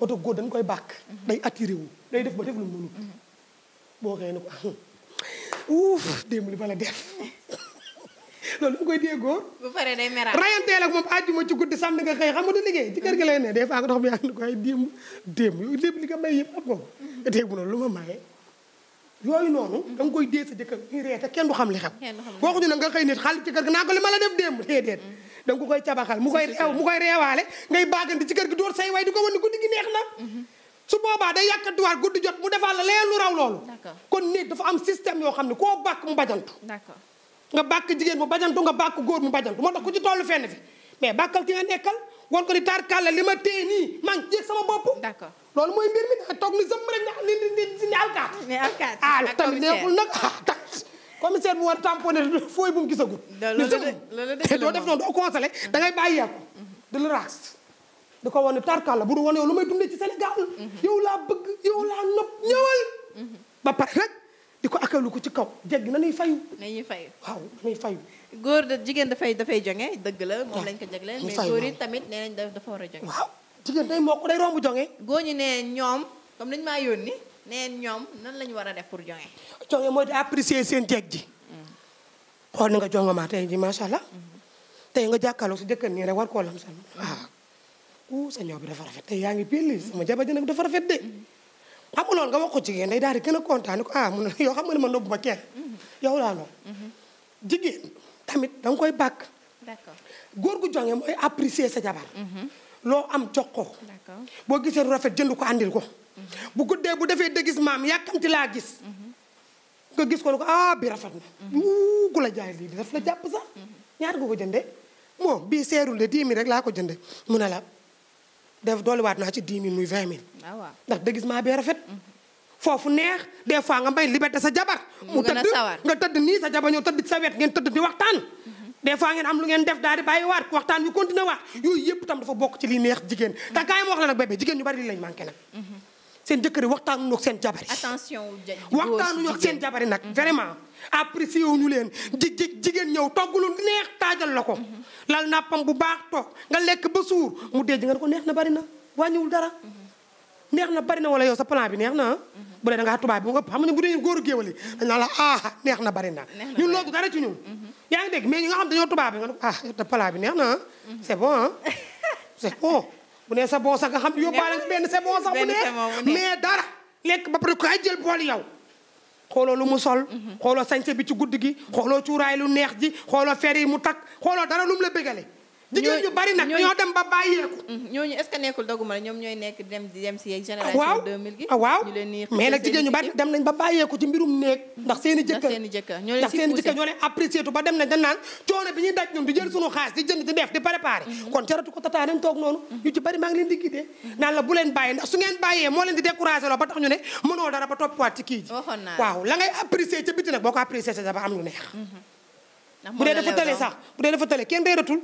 oto góor dañ koy bàkk day attiré wu day def ba def lu mënul mhm. boo xëy ko ah. uuf démb li bala def loolu bu koy téye góor. bu paree day meraat rayanteel ak moom àjjuma ci guddi samedi nga xëy xam nga du liggéey. ci kër gi lay ne des fois ko ay démb démb koy dee sa jëkkër ñu kenn du xam li xew. kenn du xam boo ko ñu nga xëy nit xaalis ci kër gi naa ko li ma la def démb déedéet. da nga koy cabaxal mu koy reew mu koy reewaale ngay bàggante ci kër gi door say way di ko wan ni guddi gi neex na. Mm-hmm. su boobaa day yàkkatiwaat guddi jot mu defal la leen lu raw loolu. kon néeg dafa am système yoo xam ne koo bàkk mu bajantu. d'accord nga bàkk jigéen mu bajantu nga bàkk góor mu bajantu moo tax ku ci tollu fenn fi mais bàkkal ki nga nekkal wan ko di tarkalla li ma téye nii maa sama bopp. loolu mooy mbir mi toog ni sëmm rek ni ni ni ni alkaat. ni alkaat ah tamit neexul nag ah commissaire bu war tamponné fooy bu mu gisagul. loolu la doo def noonu doo consolé mm-hmm. da ngay bàyyi yàqu. di la raas di ko wane tarkalla bu dul wane yow lu may dundee ci Sénégal. Mm-hmm. yow laa bëgg yow laa nopp ñëwal. Mm-hmm. ba pare rek. di ko akalu ko ci kaw dégg na ñuy fayu. na ñuy fayu waaw góor da jigéen dafay dafay jonge dëgg la moom lañ ko jagleel mais góor yi tamit nee nañ dafa war a jonge waaw jigéen day moo ko day romb jonge góor ñi ne ñoom comme dañu ne ñoom nan lañu war a def pour jonge jonge mooy di apprécier seen jeeg ji mm. xool ni nga jongama tey ji macha allah mm-hmm. tey nga jàkkaarloo si jëkkër nii rek war koo lamsal waaw ku sa ñëw bi dafa rafet tey yaa ngi pilli sama jabar ji dafa rafet de mm-hmm. xam nga wax ko jigéen day daal di gën a kontaan ko ah mu ne yow xam nga ne man nëbbu ma kenn mm-hmm. yow laa noonu mm-hmm. jigéen tamit danga koy bàkk góor gu jonge mooy apprécier sa jabar mm-hmm. loo am jox ko boo gisee lu rafet jënd ko àndil ko bu guddee bu defee dëggis maam yàkkamti laa gis nga gis ko ne ko ah bi rafet na wuu ku la jaay lii di daf la jàpp sax ñaar nga ko jëndee moom bii seerul de dix mille rek laa ko jënde mu ne la def dolliwaat naa ci 10 000 muy 20 000. waaw waaw ndax déguisement bee rafet. Mm-hmm. foofu neex des fois nga may liberté sa jabar. mu a sawar mu tëdd nga tëdd nii sa jabar ñëw tëdd sa wet ngeen tëdd di waxtaan. Mm-hmm. des fois ngeen am lu ngeen def daal di bàyyiwaat waxtaan yu continué waat yooyu yëpp tam dafa bokk ci li neex jigéen. te mm-hmm. kaay ma wax la nag bébé jigéen ñu bari li lañ manqué nag. seen jëkkër yi waxtaanuñu ak seen jabar yi. attention waxtaanuñu ak seen jabar yi nag mm-hmm. vraiment. apprécié wu leen ji ji jigéen ñëw togg lu neex taajal la ko. Mm-hmm. lal nappam bu baax toog nga lekk ba suur mu dee ji nga ne ko neex na bari na wàññiwul dara. Mm-hmm. neex na bari na wala yow sa plan bi neex na ah? bu dee da ngaa tubaab bi xam nga bu dee góoru géwél yi dañ naan la ah neex na bari na. ñun loolu dara ci ñu yaa ngi dégg mais nga xam dañoo tubaab bi nga ne ko ah plan bi neex na ah? c'est bon ah? c'est bon. bu nee sa bon sax nga xam yóbbaale benn sa bon sax bu nee mais dara lekk ba pare koy jël bool yow xooloo lu mu sol mm-hmm. xooloo sañse bi ci guddi gi xooloo cuuraay lu neex ji xooloo fer yi mu takk xooloo dara lu mu la bégale jigéen ñu bari nag ñoo dem ba bàyyeeku. Mm-hmm. ñooñu est nekkul doguma la ñoom ñooy nekk dem di dem si yeeg ah, génération 2000 gi. Ah, waaw ñu leen nii mais nag ba bàyyeeku ci mbirum néeg mm-hmm. ndax seen i ñoo leen si poussé ndax i jëkkër ba dem na dañ naan coono bi ñuy daj ñun di jël suñu xaas di jënd di def di préparé mm-hmm. kon jaratu ko tataa toog noonu ñu ci bari maa leen di naan la bu leen bàyyi ndax su ngeen bàyyee moo leen di découragé loo ba tax ñu ne mënoo dara ba toppwaat ci kii am bu dee dafa tële sax bu dee dafa tële kenn réeratul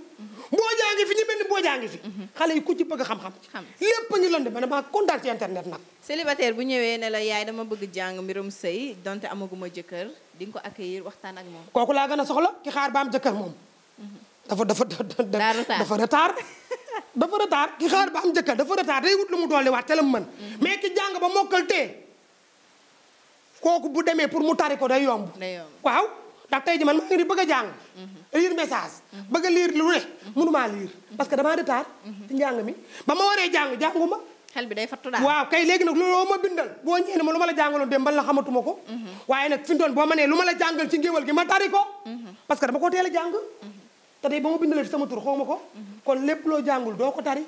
mboojaa ngi fi ñu mel ni ngi fi mhm. xale yi ku ci bëgg xam-xam lépp a ngi lënd ba dama kontaan ci internet nag célibataire bu ñëwee ne la yaay dama bëgg jàng mbirum sëy donte amaguma jëkkër di nga ko accueillir waxtaan ak moom kooku laa gën a soxla ki xaar ba am jëkkër moom mhm. dafa dafa dafa retard dafa retard ki xaar ba am jëkkër dafa retard day wut lu mu doole waat te la mu mën mhm. mais ki jàng ba mokkal tee kooku bu demee pour mu tari ko day yomb waaw ndax tey ji man maa ngi bëgg a jàng mm-hmm. lire message mm-hmm. bëgg a lire lu ne mënumaa mm-hmm. lire parce que damaa retard ci njàng mi ba ma waree jàng jàngu ma xel bi day fattu daal waaw kay léegi nag looloo ma bindal boo ñëwee ne ma lu ma la jàngaloon dem xamatuma ko waaye nag fi mu boo ma lu ma la jàngal ci ngéwal gi ma tari ko parce que dama ko a jàng te tey ba ma bindalee sama tur xaw ma ko kon lépp loo jàngul doo ko tari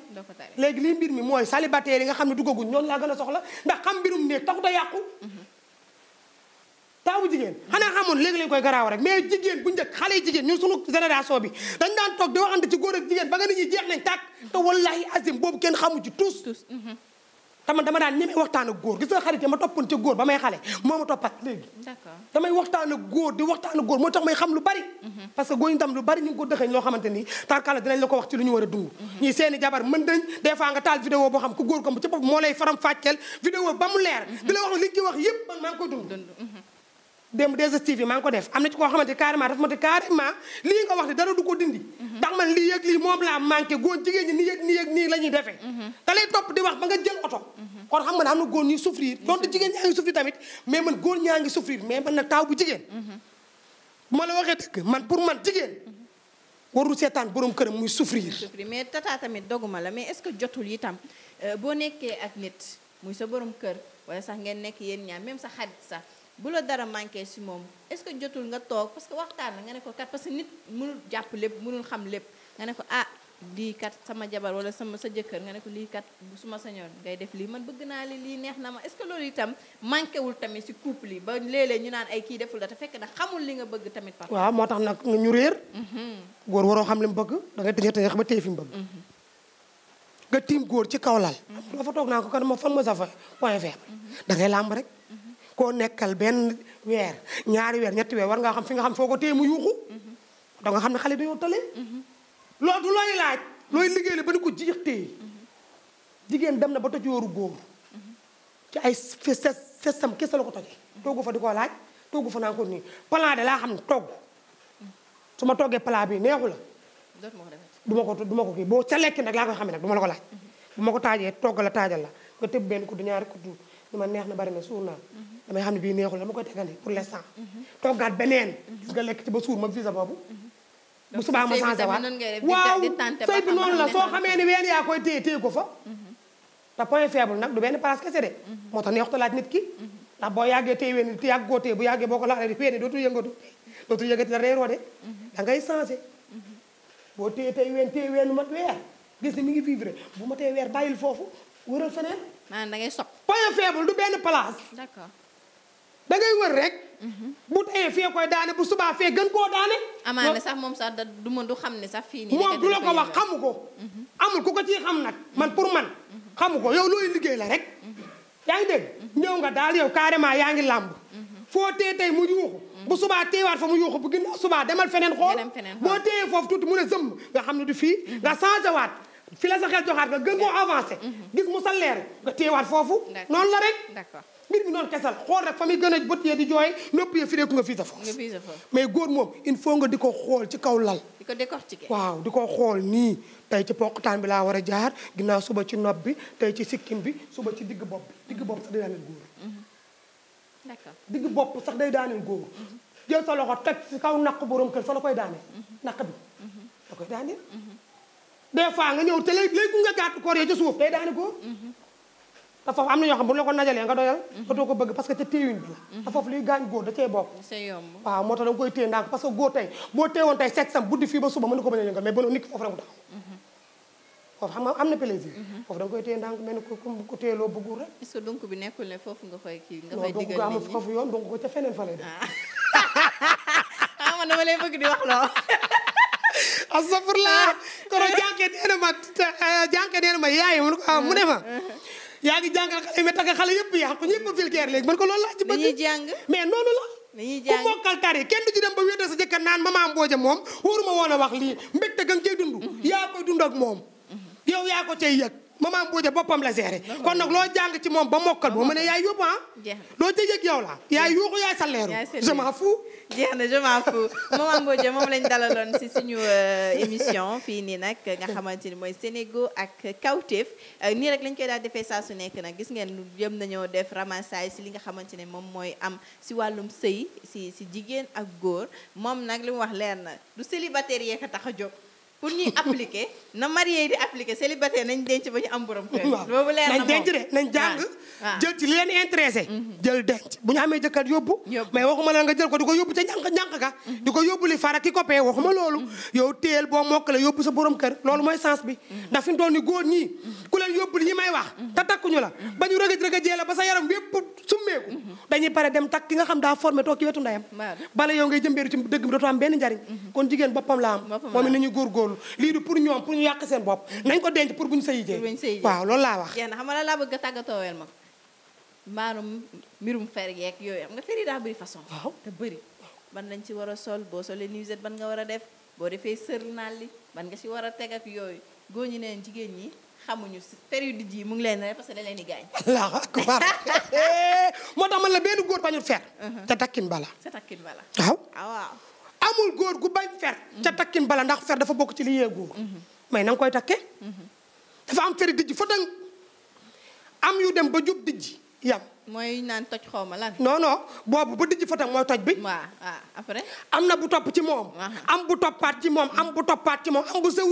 léegi lii mbir mi mooy célibataire yi nga xam ne duggaguñ ñoon laa gën a soxla ndax xam mbirum néeg taxut a yàqu taawu jigéen xanaa xamoon léegi lañ koy garaaw rek mais jigéen bu njëkk xale yi jigéen ñun suñu génération bi dañ daan toog di waxante ci góor ak jigéen ba nga nit ñi jeex mhm. di waxtaan ak góor moo tax xam lu bari mhm. parce que góor xamante ni tarkala dinañ la ko wax ci lu ñu war a dund mhm. ñii seeni jabar mën dañ des nga taal vidéo boo xam ku góor ko ci bopp moo lay faram fàcceel vidéo ba mu leer di wax li ki wax yëpp man maa ngi koy dund démb 2STV maa ngi ko def am na ci koo xamante carrément dafa ma te carrément lii nga wax ne dara du ko dindi ndax mhm. man lii yëg lii moom laa manqué góor jigéen ñi ni yëg nii yëg nii la ñuy defee mhm. da lay topp di wax ba nga jël oto mhm. kon xam nga ne am na góor ñuy souffrir donte jigéen ñaa ngi souffrir tamit mais man góor ñaa ngi souffrir mais man na taaw bu jigéen bu ma la waxee dëgg man pour man jigéen warul seetaan borom këram muy souffrir. souffrir mais tata tamit doguma la mais est-ce que jotul itam euh, boo nekkee ak nit muy sa borom kër wala sax ngeen nekk yéen ñaar même sa xarit sax bu la dara manqué si moom est-ce que jotul nga toog parce que waxtaan la nga ne ko kat parce que nit mënul jàpp lépp mënul xam lépp nga ne ko ah lii kat sama jabar wala sama sa jëkkër nga ne ko lii kat bu suma sañoon ngay def lii man bëgg naa li lii neex na ma est-ce que loolu itam manqué wul tamit si couple yi ba léeg-léeg ñu naan ay kii deful da te fekk na xamul li nga bëgg tamit par waaw moo tax nag ñu réer mhm. góor waroo xam li bëgg da ngay tëjee tëjee ba téye fi mu bëgg mhm. nga tiim góor ci kaw lal mhm. toog naa ko kan ma fan ma safa point faible da làmb rek koo nekkal benn weer ñaari weer ñetti weer war ngaa xam fi nga xam foo ko téye mu yuuxu da nga xam ne xale dañoo tale loo du looy laaj looy liggéey la ba ni ko jiix téye jigéen dem na ba toj yóoru góor ci ay ses sesam kese la ko toje toogu fa di ko laaj toogu fa naa ko nii plan de laa xam ne togg su ma toggee plan bi neexu la du ma ko du ma ko kii boo ca lekki nag laa koy xamee nag du ma la ko laaj mhm. bu ma ko taajee togg la taajal la nga tëb benn kudd ñaari kudd ni ma neex na bari na suur naa mhm. damay xam ne bii neexul dama koy tegandi pour l'instant. toggaat beneen. gis nga lekk ci ba suur ma visa boobu. bu subaa ma changé waat waaw sëy bi la soo xamee ni ween yaa koy téye téye ko fa. Mhm. te point faible nag du benn place kese de. Mhm. moo tax neexut a laaj nit ki. Mhm. ndax boo yàggee téye ween te yàggoo téye bu yàggee boo ko laalee ween dootul yëngatu dootul yëngati la reeroo ngay changé. boo téye tey ween weenu mat weer gis ni mi ngi vivre bu ma tee weer bàyyil foofu wëral feneen. maanaam da ngay sopp. point faible benn place. d'accord. da ngay wër rek. bu teyee fee koy daane bu subaa fee gën koo daane. amaana sax moom sax du ma du xam ne sax fii nii. moom du la ko wax ko. Mhm. amul ku ko ciy xam nag man pour man. xamu ko yow looy liggéey la rek. Mhm. yaa ngi dégg mhm. ñëw nga daal yow carrément yaa ngi làmb. foo tee tey mu yuuxu. bu subaa teewaat fa mu yuuxu bu gën subaa demal feneen xool. boo teeyee foofu tuuti mu ne zëmm nga xam ne du fii. nga changé waat fi la sa xel joxaat nga gën koo avancé. gis mu sa leer nga teewaat foofu. noonu l rek. d'accord mbir mi noonu kesal xool rek fa muy gën a bët yee di jooy nopp yee fireeku nga fii force mais góor moom il faut nga di ko xool ci kaw lal di ko décortiquer waaw di ko xool nii tey ci poqutaan bi laa war a jaar ginnaaw suba ci nopp bi tey ci sikkim bi suba ci digg bopp digg bopp sax day daaneel góor mm-hmm. d'accord digg bopp sax day daaneel góor mm-hmm. sa loxo teg si kaw naq borom kër sa koy daaneel mm-hmm. naq bi da koy daaneel des fois nga ñëw te léegi léegi nga gàtt koor yee ci suuf day daane góor te foofu am na ñoo xam bu la ko najalee nga doyal mhm. dootoo ko bëgg parce que te téyuñ bi mhm. te foofu luy gaañ góor da cee bokk waaw moo tax da koy téye ndànk parce que góor tey boo téewoon tey seet sam buddi fii ba suba mën na ko bañ a yëngal mais bonoo nit ki foofu rek mhm. foofu xam nga am na plaisir foofu da nga koy téye ndànk mel ni ko comme ko téyeloo bëggul rek est-ce que donc bi nekkul ne foofu nga koy kii nga koy digal nit ñi non donc amul foofu yoon donc ko ca feneen fa lay def ah. ah man dama lay yaa ngi jàngal xale mais tax xale yëpp yàqu ñëpp vulgaire léegi man ko loolu laa ci bëgg dañuy jàng mais noonu la dañuy jàng ku mokkal tari kenn du ci dem ba wéetal sa jëkkër naan maman Mbooja moom wóoruma woon a wax lii mbégte ga nga cay dund mm-hmm. yaa koy dund moom mm-hmm. yow yaa ko cay yëg maman Mbodia boppam la géré kon nag loo jàng ci moom ba mokkal boo ma ne yaay yóbbu ah. jeex na loo jëjëg yow la yaay yuuxu yaay saleeru. je jeex na je m'en fous maman Mbodia moom lañ dalaloon si suñu euh, émission fii nii nag nga xamante ni mooy Sénégo ak Kawtef euh, nii rek lañ koy daal defee saa su nekk nag gis ngeen jëm nañoo def ramassage si li nga xamante ne moom mooy am si wàllum sëy si si jigéen ak góor moom nag li mu wax leer na du célibataire yee ko tax a jóg. pour ñuy appliquer na marié yi di appliquer célibataire nañ denc ba ñu am borom kër. boobu leer na moom nañ denc de nañ jàng. jël ci leen intéressé. Mhm. jël denc bu ñu amee jëkkër yóbbu. mais waxuma la nga jël ko di ko yóbbu ca ñànk ñànk mhm. ko yóbbu li fara ki copain waxuma mhm. loolu. yow téel boo mokkale yóbbu sa borom kër loolu mooy sens bi. ndax fi ku leen may wax. te takkuñu la ba ñu rëgëj rëgëjee la ba sa yaram yépp summeeku. dañuy pare dem takk ki nga xam daa formé toog ci wetu ndeyam. bala yow ngay jëmbeeru ci dëgg bi dootoo am benn njariñ kon jigéen boppam la am moom it nañu góorgóorlu loolu lii du pour ñoom pour ñu yàq seen bopp nañ ko denc pour bu ñu sëy jee waaw loolu laa wax. yéen xam nga laa bëgg a tàggatooweel ma maanaam mbirum fer yeeg yooyu xam nga fer yi daa bëri façon. waaw te bëri ban lañ ci war a sol boo solee nuisette ban nga war a def boo defee sër naal li ban nga ci war a tegat ak yooyu góor ñi neen jigéen ñi. xamuñu si fer yu dijj yi mu ngi leen rek parce que dañ leen di gaañ. allahu akbar moo tax man la benn góor bañul fer. Uh-huh. te takkin bala. te takkin bala. waaw. Ah, amul góor gu bañ fer ca takkin bala ndax fer dafa bokk ci li yee góor mais na koy takke dafa am feri dijj fa dang am yu dem ba jub dijj yam mooy naan toj xaw ma lan. non non boobu ba dijj fa mooy toj bi. waaw waaw am na bu topp ci moom. am bu toppaat ci moom am bu toppaat ci moom am bu sew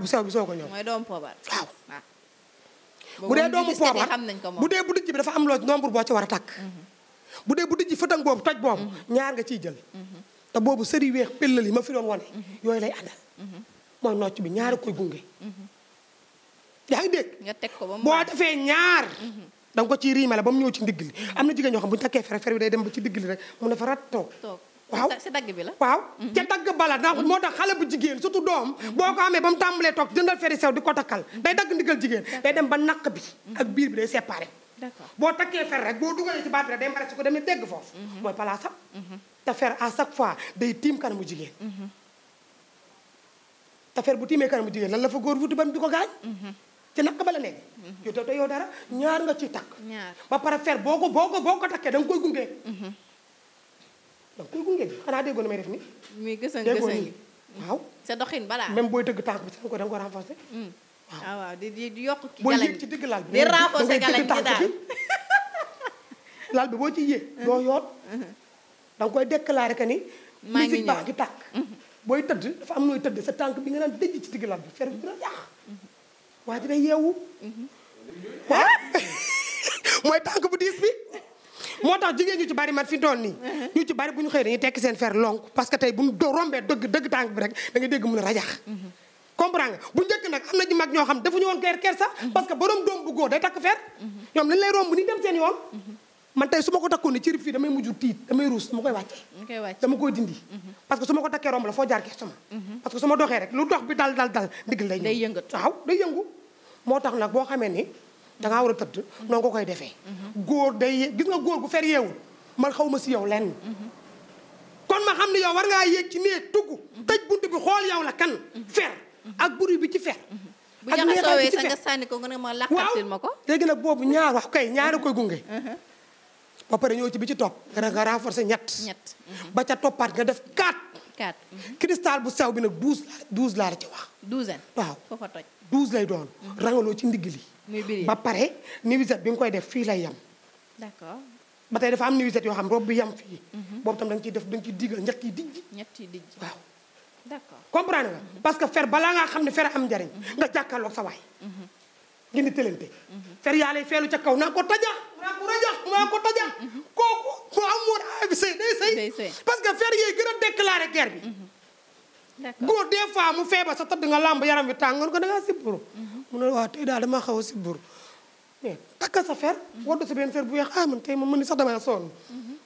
bi soo ko ñëw. mooy doomu poobar. waaw ah. bu dee doomu poobar bu dee bu dijj bi dafa am loo nombre boo ci war a takk. Mhm. bu dee bu dijji fëtang boobu toj boobu ñaar nga ciy jël te boobu sëri weex pellal yi ma fi doon yooyu lay àndal mooy nocc bi ñaari koy gunge yaa ngi dégg nga teg ko ba mu boo defee ñaar da nga ko ciy riimale ba mu ñëw ci ndigg li am na jigéen ñoo xam bu ñu takkee fer fer bi day dem ba ci ndigg li rek mu dafa rat toog waaw sa dagg bi la waaw mhm. ca dagg bala ndax moo tax xale bu jigéen surtout doom boo ko ba mu tàmbalee toog jëndal feri sew di ko takkal mhm. day dagg ndigal jigéen day dem ba naq bi ak biir bi day séparé d'accord boo takkee fer rek boo dugalee ci baat bi rek day mara si ko demee dégg foofu. Mhm. mooy palaasam. Mhm. te fer à chaque fois day tiim kanamu jigéen. Mhm. te fer bu tiimee kanamu jigéen lan la fa góor wuti ba mu di ko gaañ. ci naq ba la nekk. yow te yow dara ñaar nga ciy takk. ñaar ba pare fer boo ko boo ko boo ko takkee da nga koy gunge. da nga koy gunge xanaa déggoo na may def nii. muy gësën gësën yi waaw. sa doxin balaa. même booy dëgg tànk bi sax nga ko da nga ko ah waaw di di yokk ki boo yéeg ci digg lal bi di renforcer galañ gi bi boo ci yéeg doo yoot da nga koy déclaré que ni maa ngi ñëw baa di mm-hmm. booy tëdd dafa am nooy tëdd sa tànk bi nga naan dëj ci digg laal bi fer bi dina yàq mm-hmm. waaye dina yeewu mm-hmm. mooy tànk bu diis bi moo tax jigéen ñu ci bari man fi doon nii ñu ci bari bu ñu xëy dañuy tekki seen fer lonk parce que tey bu mu rombee dëgg dëgg tànk bi rek da ngay dégg mun a rajax comprend nga bu njëkk nag am na ji mag ñoo xam defuñu woon ker kersa mhm. parce que borom doom bu góor day takk fer mhm. ñoom lañ lay romb ni dem seen yoon mhm. man tey su ma ko takkoon fii damay mujj tiit damay ruus dama koy wàcce dama koy dindi parce que su takkee romb la foo jaar kee sama parce que su ma doxee rek lu dox bi dal dal dal ndigil day waaw day yëngu moo tax nag boo xamee ni da war a tëdd noonu ko koy defee góor day gis nga góor gu fer yeewul man xaw ma si yow lenn kon ma xam ne yow war ngaa yéeg ci néeg tugg tëj bunt bi xool yow la kan fer ak bruit bi ci fer. Mhm. bu jaxasoowee sa nga sànni ko nga ne ma làkkatil ma ko. léegi nag boobu ñaar wax kay ñaari koy gunge. Mhm. ba pare ñëw ci bi ci topp nga nga renforcer ñett. ñett mhm. ba ca toppaat nga def quatre. quatre cristal bu sew bi nag douze douze laa la ci wax. douze waaw foofa toj. douze lay doon. rangaloo ci ndigg li ba pare nuisette bi nga koy def fii lay yem. d'accord ba tey dafa am nuisette yoo xam rob bi yem fii. boobu tam da nga def da nga ciy diggal ñett yi dijj. ñett waaw. d'accord comprendre nga mhm. parce que fer balaa ngaa xam ne fer am njariñ mhm. nga jàkkaarloog sa waay mhm. ngeen di tëlante fer yaa lay feelu ca kaw naa ko taja naa ko raja naa ko taja kooku mu am woon parce que fer yee gën a déclaré guerre bi góor des fois mu feebar sa tëdd nga làmb yaram bi tàngoon ko da ngaa mu ne waa tey daal damaa xaw a sibburu takka sa fer waddu sa benn fer bu weex ah man tey ma mën ni sax damaa sonn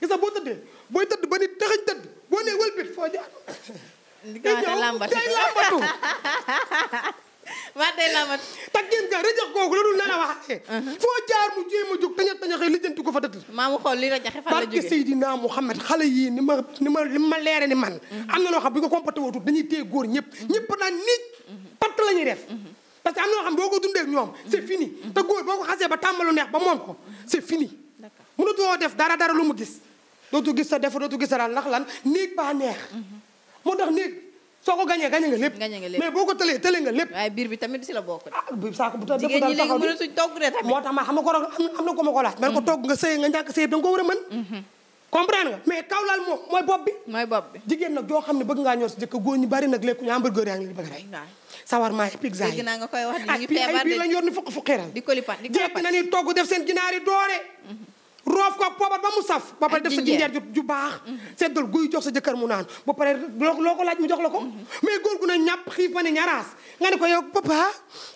gis nga boo tëddee booy tëdd ba ni taxañ tëdd boo nee wëlbit foo jaar nga ñëw day lambatu. waa day lambatu. taggin nga rajax googu la dul la waxee. Uh-huh. foo jaar mu jéem a jóg tañax tañaxe lijjanti ko fa dëtt. maa mu xool li rajaxe fan la jógee barke Seydina Mouhamed ni ma ni ma li ma leere ni uh-huh. loo xam bi nga comporté wootut dañuy téye góor ñëpp. Uh-huh. ñëpp naan nit. patt la ñuy def. parce que am na loo xam boo ko dundee ñoom c'est fini. te góor boo ko xasee ba tàmbalu neex ba moom ko c'est fini. d'accord mënatoo def dara dara lu mu gis. dootu gis sa def dootu gis sa daal ndax lan néeg baa neex moo tax néeg soo ko gañee gañe nga lépp mais boo ko tëlee tëlee nga lépp waaye biir bi tamit si la bokk ah moo tax maa xam nga ko ma ko laaj man ko mm-hmm. togg nga sëy nga ñàkk sëy da ko war a mën mm-hmm. comprendre nga mais kaw moom mooy bopp bi mooy bopp bi jigéen nag joo xam ne bëgg ngaa ñor si jëkk góor ñi bari nag lépp naa nga koy wax ni ñu ah, feebar de ay bii lañ yor ni fukk fukki ran di ko lipat di ko lipat jéeg nañu togg def seen ginaar yi doore mm-hmm. roof ko poobar ba mu saf ba pare def sa jinjeer ju baax mhm. seddal guy jox sa jëkkër mu naan ba pare loo ko laaj mu jox la ko mhm. mais góor gu na ñàpp xiif ma ne ñaraas nga ne ko yow papa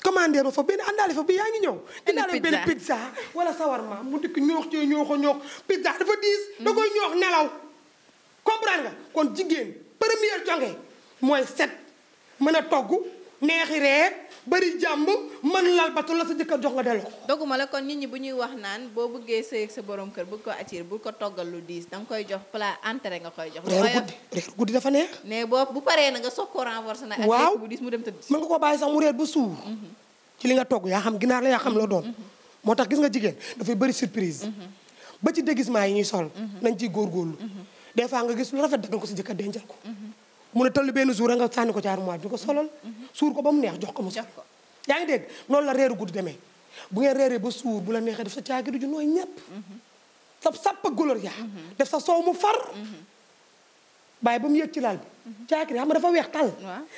commandé fa benn àndaale fa bi yaa ngi ñëw indaale benn pizza wala sawarma mu dikk ñoox cee ñooxo ñoox pizza dafa diis mhm. da koy ñoox nelaw comprendre nga kon jigéen première jonge mooy set mën a togg neexi reer bari jàmb man lal batu la sa jëkkër jox nga delloo ko. doguma la kon nit ñi bu ñuy wax naan boo bëggee sëy sa borom kër bëgg ko attirer bu ko toggal lu diis danga koy jox plat entrée nga koy jox. reer guddi reer guddi dafa neex. mais boo bu paree na nga soog ko renforcer nag. waaw bu diis mu dem tëdd. nga ko bàyyi sax mu reer ba suur. Mm-hmm. ci li nga togg yaa xam ginaar la yaa xam la doon. Mm-hmm. moo tax gis nga jigéen dafay bëri surprise. Mm-hmm. ba ci déguisement yi ñuy sol. nañ ciy góorgóorlu. des fois nga gis lu rafet danga ko sa jëkkër dencal ko mu ne tëll benn jour a nga sànni ko ci armoire bi ko solal suur ko ba mu neex jox ko mu sol yaa ngi dégg noonu la reeru guddi demee bu ngeen reeree ba suur bu la neexee def sa ju nooy ñepp sa sappa gólor yaa def sa soow mu far bàyyi ba mu ci lal bi caakiri xam nga dafa weex tàll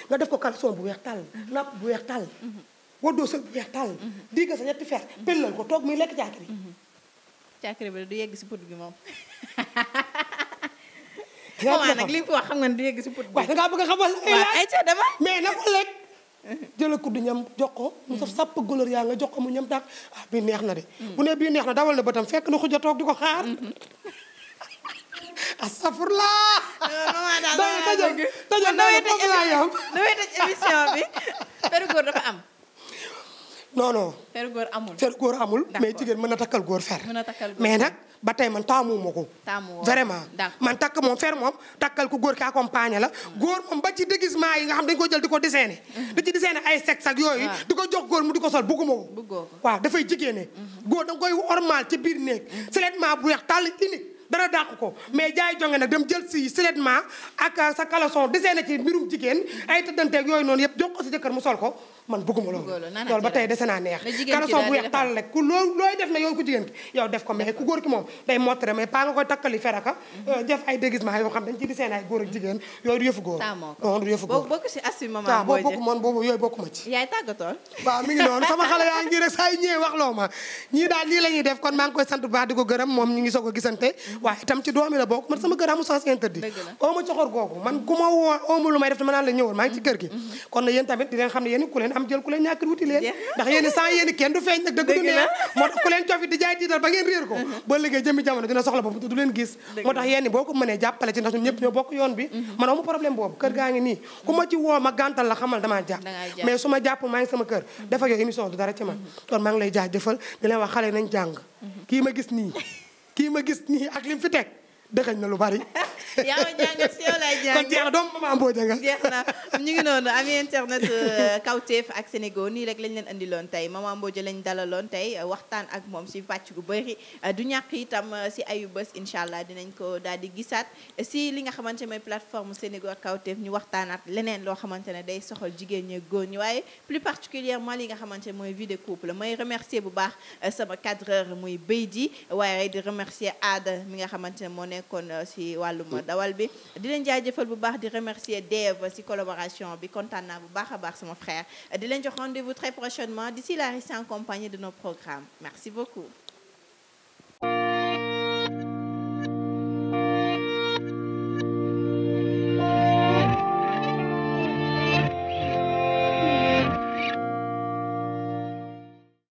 nga def ko caleçon bu weex tàll napp bu weex tàll waddoo sël bu weex tàll digga sa ñetti fer pellal ko toog muy lekk caakiri caakiri bi du yegg si put bi moom xanaa nag li xam nga di yegg si put bi. waaw da ngaa bëgg a xamal ay laaj ayca dama mais na ko lekk. jëlal kuddu ñam jox ko. mu saf sàpp gëlër yaa nga jox ko mu ñam daal ah, bii neex na de. Mm. bu neex na dawal la ba tam fekk na xuja toog di ko xaar. Mm-hmm. astafurlaa. maman daal da ngay dajal dajal daal foofu laa yam. damay bi. Père Góor dafa am. non non fer góor amul fer góor amul. mais jigéen mën na takkal góor fer. mën na takkal góor mais nag ba tey man taamu ma ko. man takk moom fer moom takkal ko góor ki accompagné la. Mm. góor moom ba ci déguisement yi nga xam dañ ko jël di ko deseene. Mm-hmm. di ci deseene ay sexe ak yooyu. di ko jox góor mu di ko sol bëgguma ko. bëggoo ko waaw dafay jigéene. Mm-hmm. góor da koy ormal ci biir néeg. seulement mm-hmm. bu weex tàll unique. dara dàq ko mais jaay jonge nag dem jël si seulement ak euh, sa caleçon desee na ci mbirum jigéen ay tëddanteeg yooyu noonu yëpp jox ko sa jëkkër mu sol ko man bëgguma loolu loolu ba tey dese naa neex caleçon bu weex tàll rek ku loo looy def na yow ku jigéen ki yow def ko mais ku góor ki mhm. euh, ay déguisement yooyu du yëfu góor du yëfu góor bokk si ngi noonu sama xale yaa ngi rek saa ñëwee wax ñii daal lii la def kon maa ngi koy sant baax di ko gërëm moom ñu ngi soog a gisante mhm. waaye itam ci doomi la bokk ma coxor googu kër mm-hmm. Mm-hmm. am jël ku leen ñàkk wuti leen ndax yéen sans yéen kenn du feeñ nag dëgg du neex moo tax ku leen cofi di jaay tiital ba ngeen réer ko mm-hmm. ba liggéey jëmmi jamono dina soxla boobu du amu problème kër gaa sama kër def ak yow émission du dara ci man kon ngi lay jaajëfal di leen wax xale nañ kii ma gis nii kii ma gis nii ak lim fi teg dëgëñ na lu bari. yaa ma jàngat si yow laay jàngat kon jeex na doomu mama Mbodj nga. jeex na ñu ngi noonu ami internet euh, Kawtef ak tey mama Mbodj lañ moom si pàcc gu bëri euh, du ñàkk itam euh, si ayu bés incha allah dinañ ko daal di gisaat si li nga xamante mooy plateforme Sénégo ak Kawtef ñu waxtaanaat leneen loo xamante ne day soxal jigéen ñi góor ñi waaye plus particulièrement li nga xamante mooy vie de couple may remercier bu baax sama cadreur muy Beydi waaye di remercier Aada mi nga ne moo ne nekkoon euh, si wàllum dawal bi di leen jaajëfal bu baax di remercier Dave si collaboration bi kontaan naa bu baax a baax sama frère di leen jox rendez-vous très prochainement di là restez en compagnie de nos programmes merci beaucoup